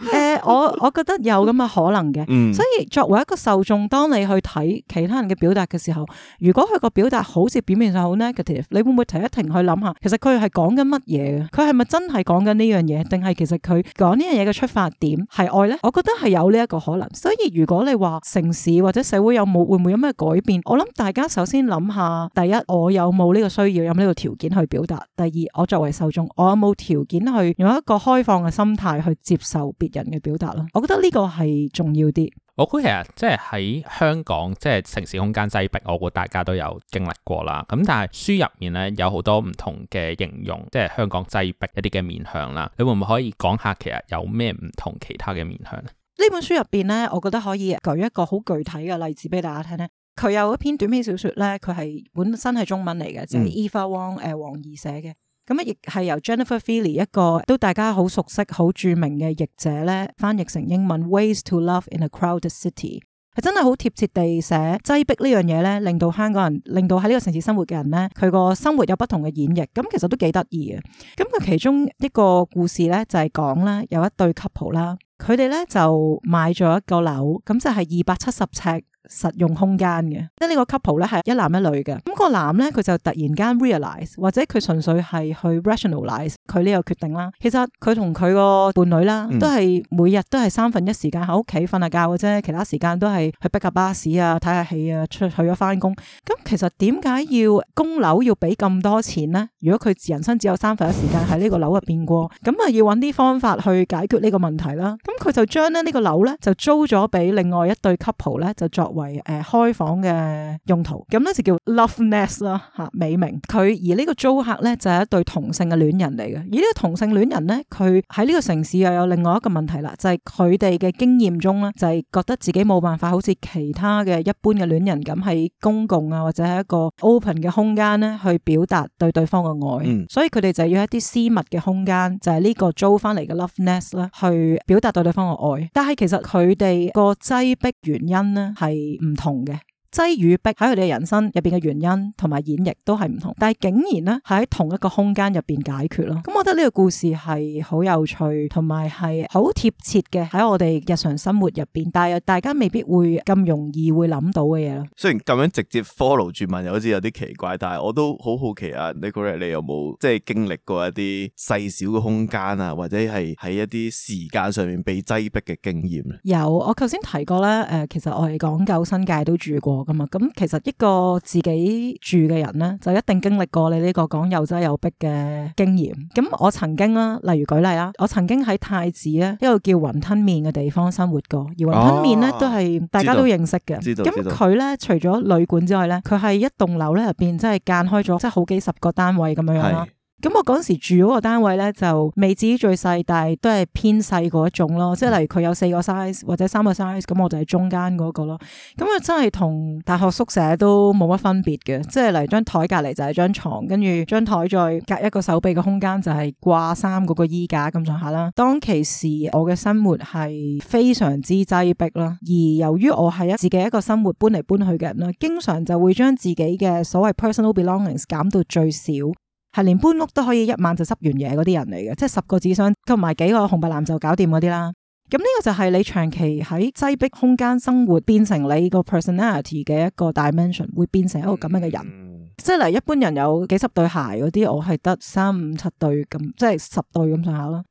誒、 呃，我我覺得有咁嘅可能嘅，嗯、所以作為一個受眾，當你去睇其他人嘅表達嘅時候，如果佢個表達好似表面上好 negative，你會唔會停一停去諗下，其實佢係講緊乜嘢嘅？佢係咪真係講緊呢樣嘢？定係其實佢講呢樣嘢嘅出發點係愛咧？我覺得係有呢一個可能。所以如果你話城市或者社會有冇會唔會有咩改變，我諗大家首先諗下，第一我有冇呢個需要，有冇呢個條件去表達？第二我作為受眾，我有冇條件去用一個開放嘅心態去接受別人嘅表達咯，我覺得呢個係重要啲。我估其實即係喺香港，即係城市空間擠迫，我估大家都有經歷過啦。咁但係書入面咧有好多唔同嘅形容，即係香港擠迫一啲嘅面向啦。你會唔會可以講下其實有咩唔同其他嘅面向？呢呢本書入邊咧，我覺得可以舉一個好具體嘅例子俾大家聽咧。佢有一篇短篇小説咧，佢係本身係中文嚟嘅，即係 Eva Wong 誒黃怡寫嘅。咁亦係由 Jennifer Feely 一個都大家好熟悉、好著名嘅譯者咧，翻譯成英文《Ways to Love in a Crowded City》係真係好貼切地寫擠逼呢樣嘢咧，令到香港人，令到喺呢個城市生活嘅人咧，佢個生活有不同嘅演繹。咁其實都幾得意嘅。咁佢其中一個故事咧就係講啦，有一對 couple 啦，佢哋咧就買咗一個樓，咁就係二百七十尺。實用空間嘅，即係呢個 couple 咧係一男一女嘅，咁個男咧佢就突然間 realize 或者佢純粹係去 rationalize。佢呢個決定啦，其實佢同佢個伴侶啦，都係每日都係三分一時間喺屋企瞓下覺嘅啫，其他時間都係去逼架巴士啊、睇下戲啊、出去咗翻工。咁其實點解要供樓要俾咁多錢咧？如果佢人生只有三分一時間喺呢個樓入邊過，咁啊要揾啲方法去解決呢個問題啦。咁佢就將咧呢個樓咧就租咗俾另外一對 couple 咧，就作為誒開房嘅用途。咁咧就叫 Love Nest 啦，吓美名。佢而呢個租客咧就係一對同性嘅戀人嚟嘅。而呢個同性戀人咧，佢喺呢個城市又有另外一個問題啦，就係佢哋嘅經驗中咧，就係、是、覺得自己冇辦法好似其他嘅一般嘅戀人咁喺公共啊或者係一個 open 嘅空間咧去表達對對方嘅愛，所以佢哋就要一啲私密嘅空間，就係呢個租返嚟嘅 love nest 啦，去表達對對方嘅愛，嗯，就係愛。但係其實佢哋個擠迫原因咧係唔同嘅。擠與逼喺佢哋嘅人生入邊嘅原因繹同埋演繹都係唔同，但係竟然咧喺同一個空間入邊解決咯。咁、嗯、我覺得呢個故事係好有趣，同埋係好貼切嘅喺我哋日常生活入邊，但係大家未必會咁容易會諗到嘅嘢咯。雖然咁樣直接 follow 住問，又好似有啲奇怪，但係我都好好奇啊你 i 你有冇即係經歷過一啲細小嘅空間啊，或者係喺一啲時間上面被擠逼嘅經驗？有，我頭先提過咧，誒、呃，其實我係講舊新界都住過。咁其實一個自己住嘅人咧，就一定經歷過你呢個講又擠又逼嘅經驗。咁我曾經啦，例如舉例啦，我曾經喺太子咧一個叫雲吞麵嘅地方生活過。而雲吞麵咧、哦、都係大家都知道認識嘅。咁佢咧除咗旅館之外咧，佢係知道一棟樓咧入邊，即係間開咗即係好幾十個單位咁樣樣啦。咁我嗰陣時住嗰個單位咧，就未至於最細，但係都係偏細嗰一種咯。即係例如佢有四個 size 或者三個 size，咁我就係中間嗰個咯。咁啊，真係同大學宿舍都冇乜分別嘅。即係例如張台隔離就係張床，跟住張台再隔一個手臂嘅空間就係掛衫嗰個衣架咁上下啦。當其時我嘅生活係非常之擠迫啦，而由於我係一自己一個生活搬嚟搬去嘅人啦，經常就會將自己嘅所謂 personal belongings 減到最少。係連搬屋都可以一晚就執完嘢嗰啲人嚟嘅，即係十個紙箱，同埋幾個紅白藍就搞掂嗰啲啦。咁呢個就係你長期喺擠迫空間生活，變成你個 personality 嘅一個 dimension，會變成一個咁樣嘅人。即係嗱，一般人有幾十對鞋嗰啲，我係得三五七對咁，即係十對咁上下囉。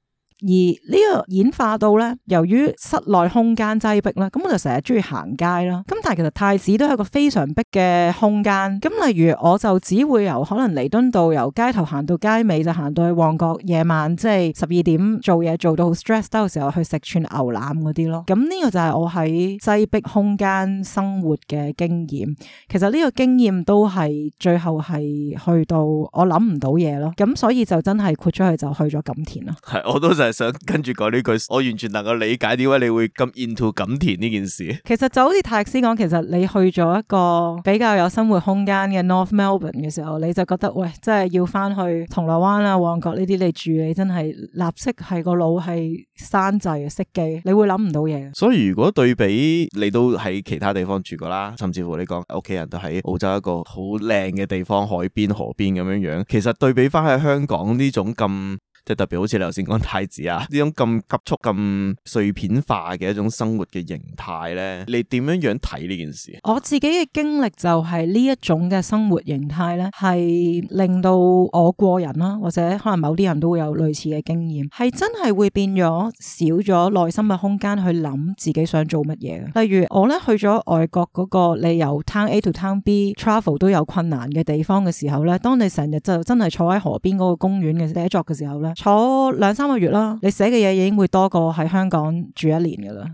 而呢個演化到咧，由於室內空間擠迫啦，咁我就成日中意行街啦。咁但係其實太子都係一個非常逼嘅空間。咁例如我就只會由可能彌敦道由街頭行到街尾，就行到去旺角夜晚，即係十二點做嘢做到好 stress 到嘅時候，去食串牛腩嗰啲咯。咁呢個就係我喺擠迫空間生活嘅經驗。其實呢個經驗都係最後係去到我諗唔到嘢咯。咁所以就真係豁出去就去咗錦田啦。係，我都想跟住講呢句，我完全能夠理解點解你會咁 into 錦田呢件事。其實就好似泰斯講，其實你去咗一個比較有生活空間嘅 North Melbourne 嘅時候，你就覺得喂，真係要翻去銅鑼灣啊、旺角呢啲你住，你真係立即係、個腦係山寨嘅色機，你會諗唔到嘢。所以如果對比你都喺其他地方住過啦，甚至乎你講屋企人都喺澳洲一個好靚嘅地方，海邊、河邊咁樣樣，其實對比翻喺香港呢種咁。即係特別好似你頭先講太子啊，呢種咁急速咁碎片化嘅一種生活嘅形態咧，你點樣樣睇呢件事？我自己嘅經歷就係呢一種嘅生活形態咧，係令到我個人啦，或者可能某啲人都會有類似嘅經驗，係真係會變咗少咗內心嘅空間去諗自己想做乜嘢嘅。例如我咧去咗外國、那個你由 town A to town B travel 都有困難嘅地方嘅時候咧，當你成日就真係坐喺河邊個公園嘅第一 t 嘅時候咧。坐兩三個月啦，你寫嘅嘢已經會多過喺香港住一年㗎喇。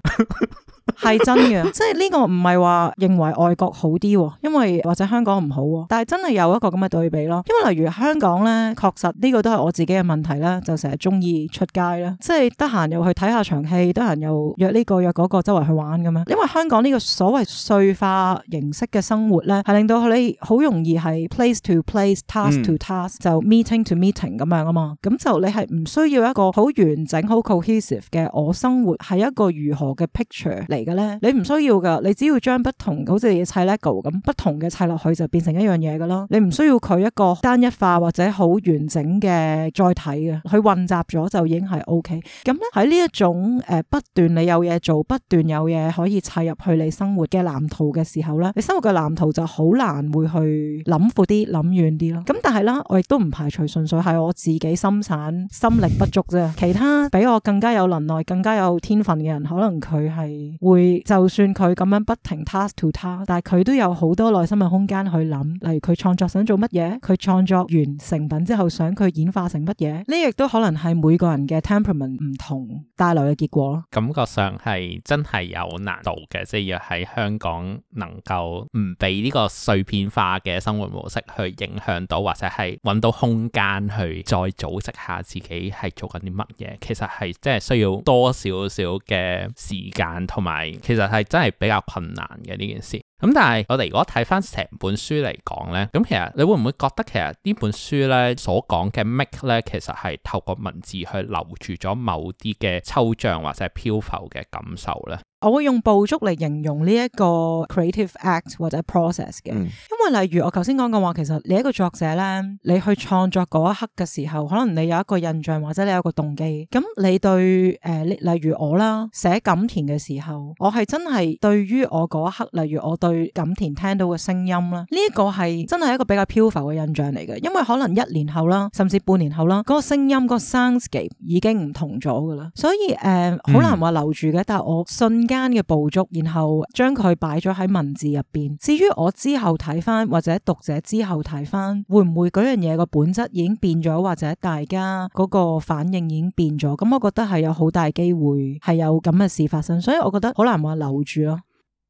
係 真嘅，即係呢個唔係話認為外國好啲，因為或者香港唔好，但係真係有一個咁嘅對比咯。因為例如香港呢，確實呢個都係我自己嘅問題啦，就成日中意出街啦，即係得閒又去睇下場戲，得閒又約呢個、約嗰個周圍去玩咁樣。因為香港呢個所謂碎化形式嘅生活呢，係令到你好容易係 place to place，task to task，、嗯、就 meeting to meeting 咁樣啊嘛。咁就你係唔需要一個好完整、好 cohesive 嘅我生活係一個如何嘅 picture。嚟嘅咧，你唔需要噶，你只要將不同好似砌 Lego 咁不同嘅砌落去就變成一樣嘢噶咯。你唔需要佢一個單一化或者好完整嘅載體嘅，佢混雜咗就已經係 OK。咁咧喺呢一種誒、呃、不斷你有嘢做，不斷有嘢可以砌入去你生活嘅藍圖嘅時候咧，你生活嘅藍圖就好難會去諗闊啲、諗遠啲咯。咁、嗯、但係啦，我亦都唔排除純粹係我自己心散、心力不足啫。其他比我更加有能耐、更加有天分嘅人，可能佢係。會就算佢咁樣不停 task to task，但係佢都有好多內心嘅空間去諗，例如佢創作想做乜嘢，佢創作完成品之後想佢演化成乜嘢，呢亦都可能係每個人嘅 temperament 唔同帶來嘅結果咯。感覺上係真係有難度嘅，即係要喺香港能夠唔俾呢個碎片化嘅生活模式去影響到，或者係揾到空間去再組織下自己係做緊啲乜嘢，其實係即係需要多少少嘅時間同埋。係，其實係真係比較困難嘅呢件事。咁但係我哋如果睇翻成本書嚟講咧，咁其實你會唔會覺得其，其實呢本書咧所講嘅 make 咧，其實係透過文字去留住咗某啲嘅抽象或者係漂浮嘅感受咧？我會用捕捉嚟形容呢一個 creative act 或者 process 嘅，因為例如我頭先講過話，其實你一個作者咧，你去創作嗰一刻嘅時候，可能你有一個印象或者你有個動機，咁你對誒、呃，例如我啦，寫錦田嘅時候，我係真係對於我嗰一刻，例如我對錦田聽到嘅聲音啦，呢、這、一個係真係一個比較飄浮嘅印象嚟嘅，因為可能一年後啦，甚至半年後啦，嗰個聲音，那個 soundscape 已經唔同咗噶啦，所以誒，好難話留住嘅，但係我瞬間間嘅捕捉，然後將佢擺咗喺文字入邊。至於我之後睇翻，或者讀者之後睇翻，會唔會嗰樣嘢個本質已經變咗，或者大家嗰個反應已經變咗？咁我覺得係有好大機會係有咁嘅事發生，所以我覺得好難話留住囉。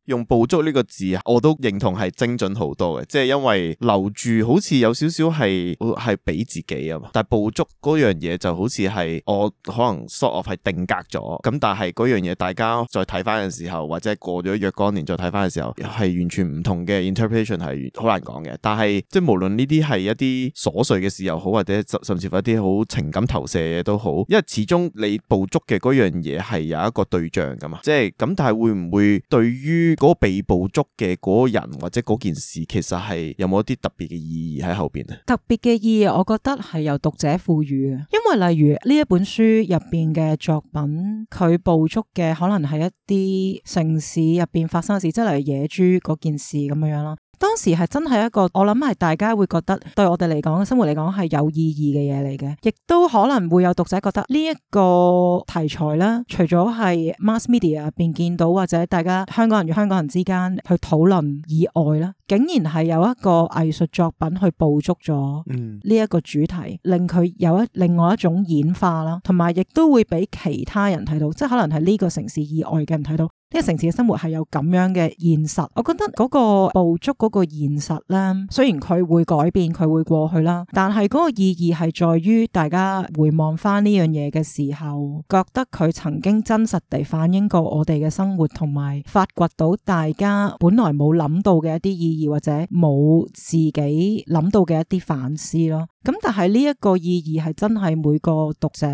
用捕捉呢個字啊，我都認同係精準好多嘅，即係因為留住好似有少少係係俾自己啊嘛，但係捕捉嗰樣嘢就好似係我可能 sort of 係定格咗，咁但係嗰樣嘢大家再睇返嘅時候，或者過咗若干年再睇返嘅時候，係完全唔同嘅 interpretation 係好難講嘅。但係即係無論呢啲係一啲瑣碎嘅事又好，或者甚至乎一啲好情感投射嘅都好，因為始終你捕捉嘅嗰樣嘢係有一個對象㗎嘛，即係咁，但係會唔會對於嗰被捕捉嘅嗰人或者嗰件事，其實係有冇一啲特別嘅意義喺後邊啊？特別嘅意義，我覺得係由讀者賦予嘅，因為例如呢一本書入邊嘅作品，佢捕捉嘅可能係一啲城市入邊發生事，即係例如野豬嗰件事咁樣樣咯。當時係真係一個，我諗係大家會覺得對我哋嚟講，生活嚟講係有意義嘅嘢嚟嘅，亦都可能會有讀者覺得呢一個題材啦，除咗係 mass media 入便見到或者大家香港人與香港人之間去討論以外啦。竟然係有一個藝術作品去捕捉咗呢一個主題，令佢有一另外一種演化啦，同埋亦都會俾其他人睇到，即係可能係呢個城市以外嘅人睇到呢個城市嘅生活係有咁樣嘅現實。我覺得嗰個捕捉嗰個現實呢，雖然佢會改變，佢會過去啦，但係嗰個意義係在於大家回望翻呢樣嘢嘅時候，覺得佢曾經真實地反映過我哋嘅生活，同埋發掘到大家本來冇諗到嘅一啲意義。或者冇自己諗到嘅一啲反思咯，咁但係呢一個意義係真係每個讀者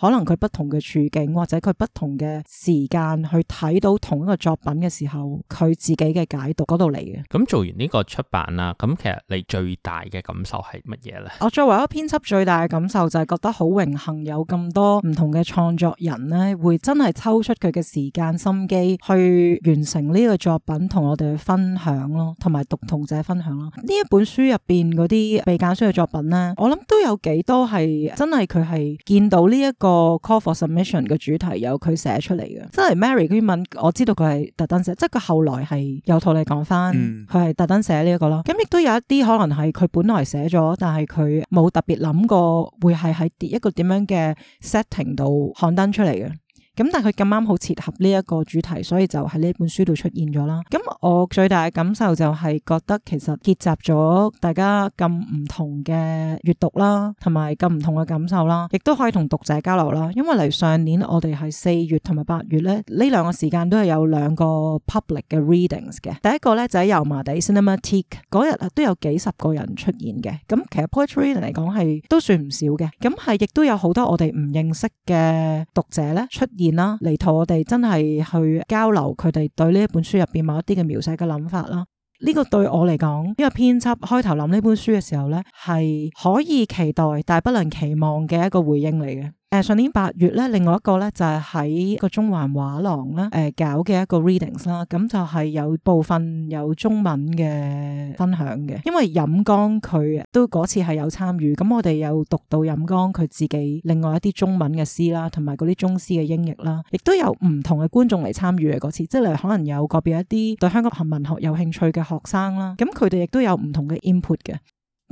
可能佢不同嘅處境或者佢不同嘅時間去睇到同一個作品嘅時候，佢自己嘅解讀嗰度嚟嘅。咁做完呢個出版啦，咁其實你最大嘅感受係乜嘢咧？我作為一個編輯，最大嘅感受就係覺得好榮幸有咁多唔同嘅創作人咧，會真係抽出佢嘅時間心機去完成呢個作品，同我哋去分享咯，同埋。讀同者分享咯，呢一本書入邊嗰啲被揀選嘅作品咧，我諗都有幾多係真係佢係見到呢、這、一個 call for submission 嘅主題，有佢寫出嚟嘅。真係 Mary 篇文，我知道佢係特登寫，即係佢後來係有同你講翻，佢係、嗯、特登寫呢、這、一個咯。咁亦都有一啲可能係佢本來寫咗，但係佢冇特別諗過會係喺一個點樣嘅 setting 度刊登出嚟嘅。咁但係佢咁啱好切合呢一個主題，所以就喺呢本書度出現咗啦。咁我最大嘅感受就係覺得其實結集咗大家咁唔同嘅閱讀啦，同埋咁唔同嘅感受啦，亦都可以同讀者交流啦。因為嚟上年我哋係四月同埋八月咧，呢兩個時間都係有兩個 public 嘅 readings 嘅。第一個咧就喺油麻地 Cinematheque 嗰日啊，都有幾十個人出現嘅。咁其實 poetry 嚟講係都算唔少嘅。咁係亦都有好多我哋唔認識嘅讀者咧出現。啦，嚟同我哋真係去交流佢哋對呢一本書入邊某一啲嘅描寫嘅諗法啦。呢個對我嚟講，呢個編輯開頭諗呢本書嘅時候咧，係可以期待但係不能期望嘅一個回應嚟嘅。誒、呃、上年八月咧，另外一個咧就係、是、喺個中環畫廊咧誒搞嘅一個 readings 啦、啊，咁、嗯、就係、是、有部分有中文嘅分享嘅，因為飲江佢都嗰次係有參與，咁我哋有讀到飲江佢自己另外一啲中文嘅詩啦，同埋嗰啲中詩嘅英譯啦，亦、啊、都有唔同嘅觀眾嚟參與嘅嗰次，即係可能有個別一啲對香港文學有興趣嘅學生啦，咁佢哋亦都有唔同嘅 input 嘅。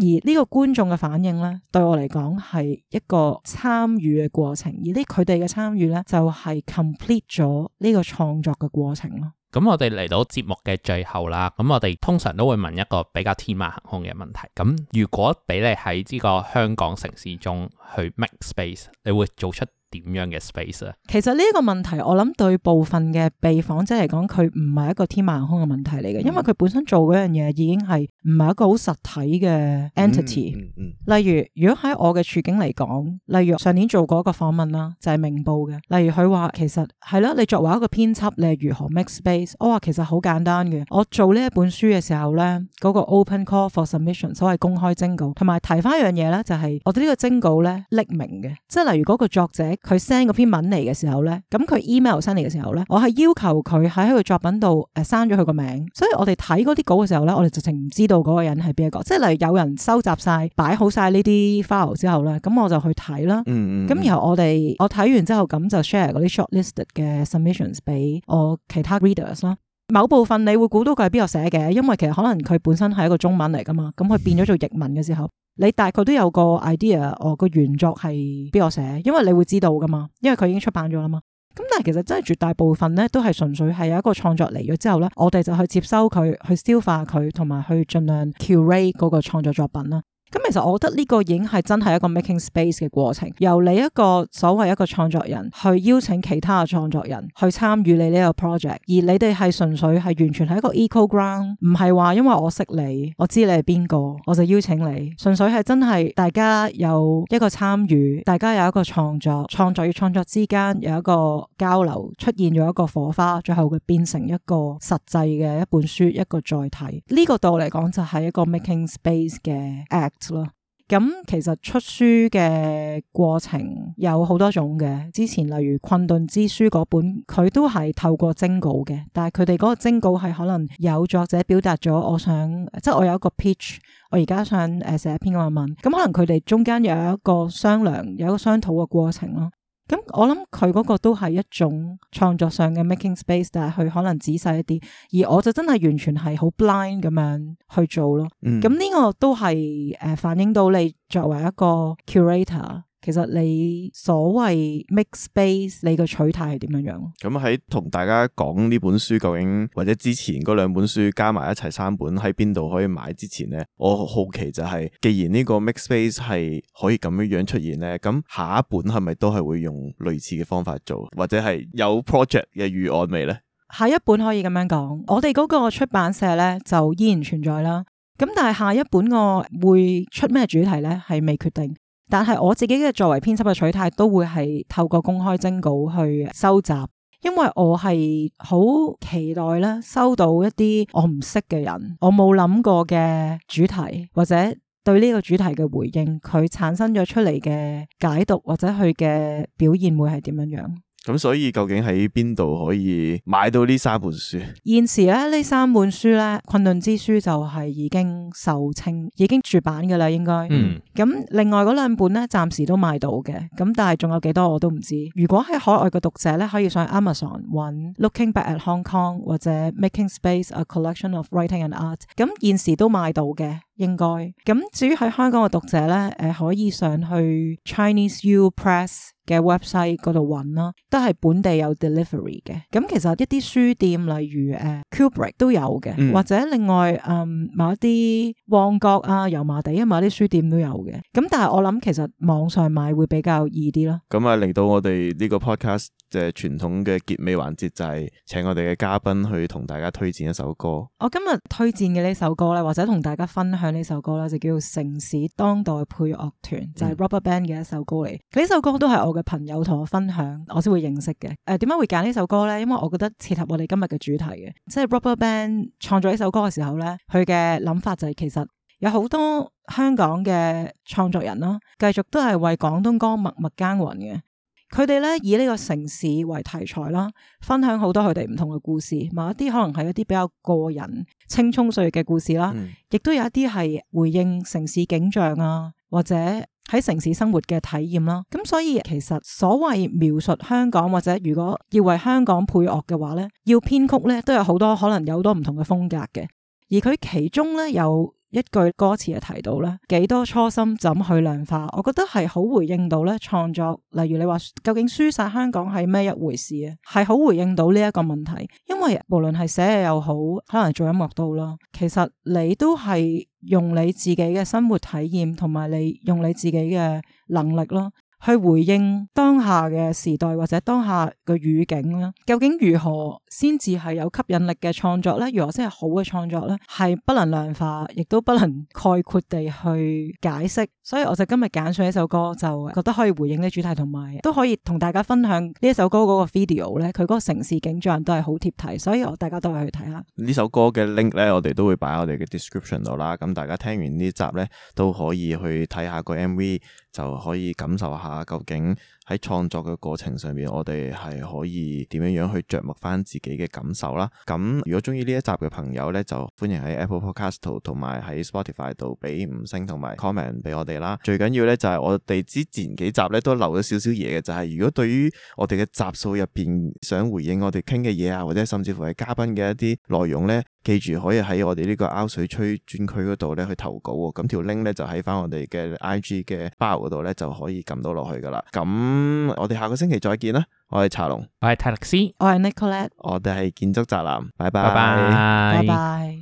而呢個觀眾嘅反應呢，對我嚟講係一個參與嘅過程，而呢佢哋嘅參與呢，就係 complete 咗呢個創作嘅過程咯。咁我哋嚟到節目嘅最後啦，咁我哋通常都會問一個比較天馬行空嘅問題。咁如果俾你喺呢個香港城市中去 make space，你會做出點樣嘅 space 啊？其實呢一個問題，我諗對部分嘅被訪者嚟講，佢唔係一個天馬行空嘅問題嚟嘅，因為佢本身做嗰樣嘢已經係唔係一個好實體嘅 entity。嗯嗯嗯。例如，如果喺我嘅處境嚟講，例如上年做過一個訪問啦，就係明報嘅。例如佢話，其實係啦，你作為一個編輯，你係如何 make space？我話其實好簡單嘅，我做呢一本書嘅時候咧，嗰個 open call for submission，所謂公開徵稿，同埋提翻一樣嘢咧，就係我哋呢個徵稿咧匿名嘅，即係例如嗰個作者。佢 send 嗰篇文嚟嘅時候咧，咁佢 email send 嚟嘅時候咧，我係要求佢喺佢作品度誒刪咗佢個名，所以我哋睇嗰啲稿嘅時候咧，我哋直情唔知道嗰個人係邊一個。即係例如有人收集晒、擺好晒呢啲 file 之後咧，咁我就去睇啦。嗯，嗯嗯。咁然後我哋我睇完之後，咁就 share 嗰啲 shortlisted 嘅 submissions 俾我其他 readers 咯。某部分你會估到佢係邊個寫嘅，因為其實可能佢本身係一個中文嚟㗎嘛，咁佢變咗做譯文嘅時候。你大概都有個 idea，我、哦、個原作係邊個寫，因為你會知道噶嘛因為佢已經出版咗啦嘛。咁但係其實真係絕大部分咧，都係純粹係有一個創作嚟咗之後咧，我哋就去接收佢，去消化佢，同埋去盡量 curate 嗰個創作作品啦。咁其實我覺得呢個已經係真係一個 making space 嘅過程，由你一個所謂一個創作人去邀請其他嘅創作人去參與你呢個 project，而你哋係純粹係完全係一個 equal ground，唔係話因為我識你，我知你係邊個，我就邀請你，純粹係真係大家有一個參與，大家有一個創作，創作與創作之間有一個交流，出現咗一個火花，最後會變成一個實際嘅一本書一個載體。呢個度嚟講就係一個 making space 嘅 act。咯，咁其實出書嘅過程有好多種嘅。之前例如《困頓之書》嗰本，佢都係透過徵稿嘅，但係佢哋嗰個徵稿係可能有作者表達咗我想，即係我有一個 pitch，我而家想誒寫一篇咁嘅文，咁可能佢哋中間有一個商量，有一個商討嘅過程咯。咁我諗佢嗰個都係一種創作上嘅 making space，但係佢可能仔細一啲，而我就真係完全係好 blind 咁樣去做咯。嗯、咁呢個都係誒反映到你作為一個 curator。其實你所謂 Making Space，你個取態係點樣樣？咁喺同大家講呢本書究竟或者之前嗰兩本書加埋一齊三本喺邊度可以買之前呢，我好奇就係、是，既然呢個 Making Space 係可以咁樣樣出現呢，咁下一本係咪都係會用類似嘅方法做，或者係有 project 嘅預案未呢？下一本可以咁樣講，我哋嗰個出版社呢，就依然存在啦。咁但係下一本我會出咩主題呢？係未決定。但係我自己嘅作為編輯嘅取態，都會係透過公開徵稿去收集，因為我係好期待咧收到一啲我唔識嘅人，我冇諗過嘅主題，或者對呢個主題嘅回應，佢產生咗出嚟嘅解讀或者佢嘅表現會係點樣樣。咁所以究竟喺邊度可以買到呢三本書？現時咧呢三本書咧，《困頓之書》就係、是、已經售罄，已經絕版噶啦，應該。嗯。咁、嗯、另外嗰兩本咧，暫時都買到嘅。咁但係仲有幾多我都唔知。如果喺海外嘅讀者咧，可以上 Amazon 揾《Looking Back at Hong Kong》或者《Making Space: A Collection of Writing and Art》。咁、嗯、現時都買到嘅。應該咁，至於喺香港嘅讀者咧，誒、呃，可以上去 Chinese U Press 嘅 website 嗰度揾，啦，都係本地有 delivery 嘅。咁其實一啲書店，例如誒、呃、Kubrick 都有嘅，嗯、或者另外誒、嗯、某啲旺角啊、油麻地因啊、某啲書店都有嘅。咁但係我諗，其實網上買會比較易啲咯。咁啊、嗯，令到我哋呢個 podcast。即係傳統嘅結尾環節就係請我哋嘅嘉賓去同大家推薦一首歌。我今日推薦嘅呢首歌咧，或者同大家分享呢首歌咧，就叫做城市當代配樂團，就係 RubberBand 嘅一首歌嚟。呢首歌都係我嘅朋友同我分享，我先會認識嘅。誒，點解會揀呢首歌呢？因為我覺得切合我哋今日嘅主題嘅。即係 RubberBand 創作呢首歌嘅時候呢，佢嘅諗法就係其實有好多香港嘅創作人啦，繼續都係為廣東歌默默耕耘嘅。佢哋咧以呢個城市為題材啦，分享好多佢哋唔同嘅故事，某一啲可能係一啲比較個人青葱歲月嘅故事啦，亦都、嗯、有一啲係回應城市景象啊，或者喺城市生活嘅體驗啦。咁所以其實所謂描述香港或者如果要為香港配樂嘅話咧，要編曲咧都有好多可能有好多唔同嘅風格嘅，而佢其中咧有。一句歌詞嘅提到咧，幾多初心怎去量化？我覺得係好回應到咧創作，例如你話究竟輸晒香港係咩一回事啊？係好回應到呢一個問題，因為無論係寫嘢又好，可能做音樂都好啦，其實你都係用你自己嘅生活體驗同埋你用你自己嘅能力咯。去回應當下嘅時代或者當下嘅語境啦，究竟如何先至係有吸引力嘅創作咧？如何先係好嘅創作咧？係不能量化，亦都不能概括地去解釋。所以我就今日揀上一首歌，就覺得可以回應呢主題，同埋都可以同大家分享呢一首歌嗰個 video 咧，佢個城市景象都係好貼題，所以我大家都會去睇下呢首歌嘅 link 咧，我哋都會擺喺我哋嘅 description 度啦。咁大家聽完呢集咧，都可以去睇下個 MV，就可以感受下。啊，究竟喺創作嘅過程上面，我哋係可以點樣樣去着墨翻自己嘅感受啦。咁如果中意呢一集嘅朋友呢，就歡迎喺 Apple Podcast 同埋喺 Spotify 度俾五星同埋 comment 俾我哋啦。最緊要呢，就係我哋之前幾集呢都留咗少少嘢嘅，就係如果對於我哋嘅集數入邊想回應我哋傾嘅嘢啊，或者甚至乎係嘉賓嘅一啲內容呢，記住可以喺我哋呢個 Out 水吹專區嗰度呢去投稿喎。咁條 link 呢，就喺翻我哋嘅 IG 嘅包嗰度呢，就可以撳到落去噶啦。咁嗯、我哋下個星期再見啦！我係茶龍，我係泰勒斯，我係 Nicolette，我哋係建築宅男，拜拜拜拜拜拜。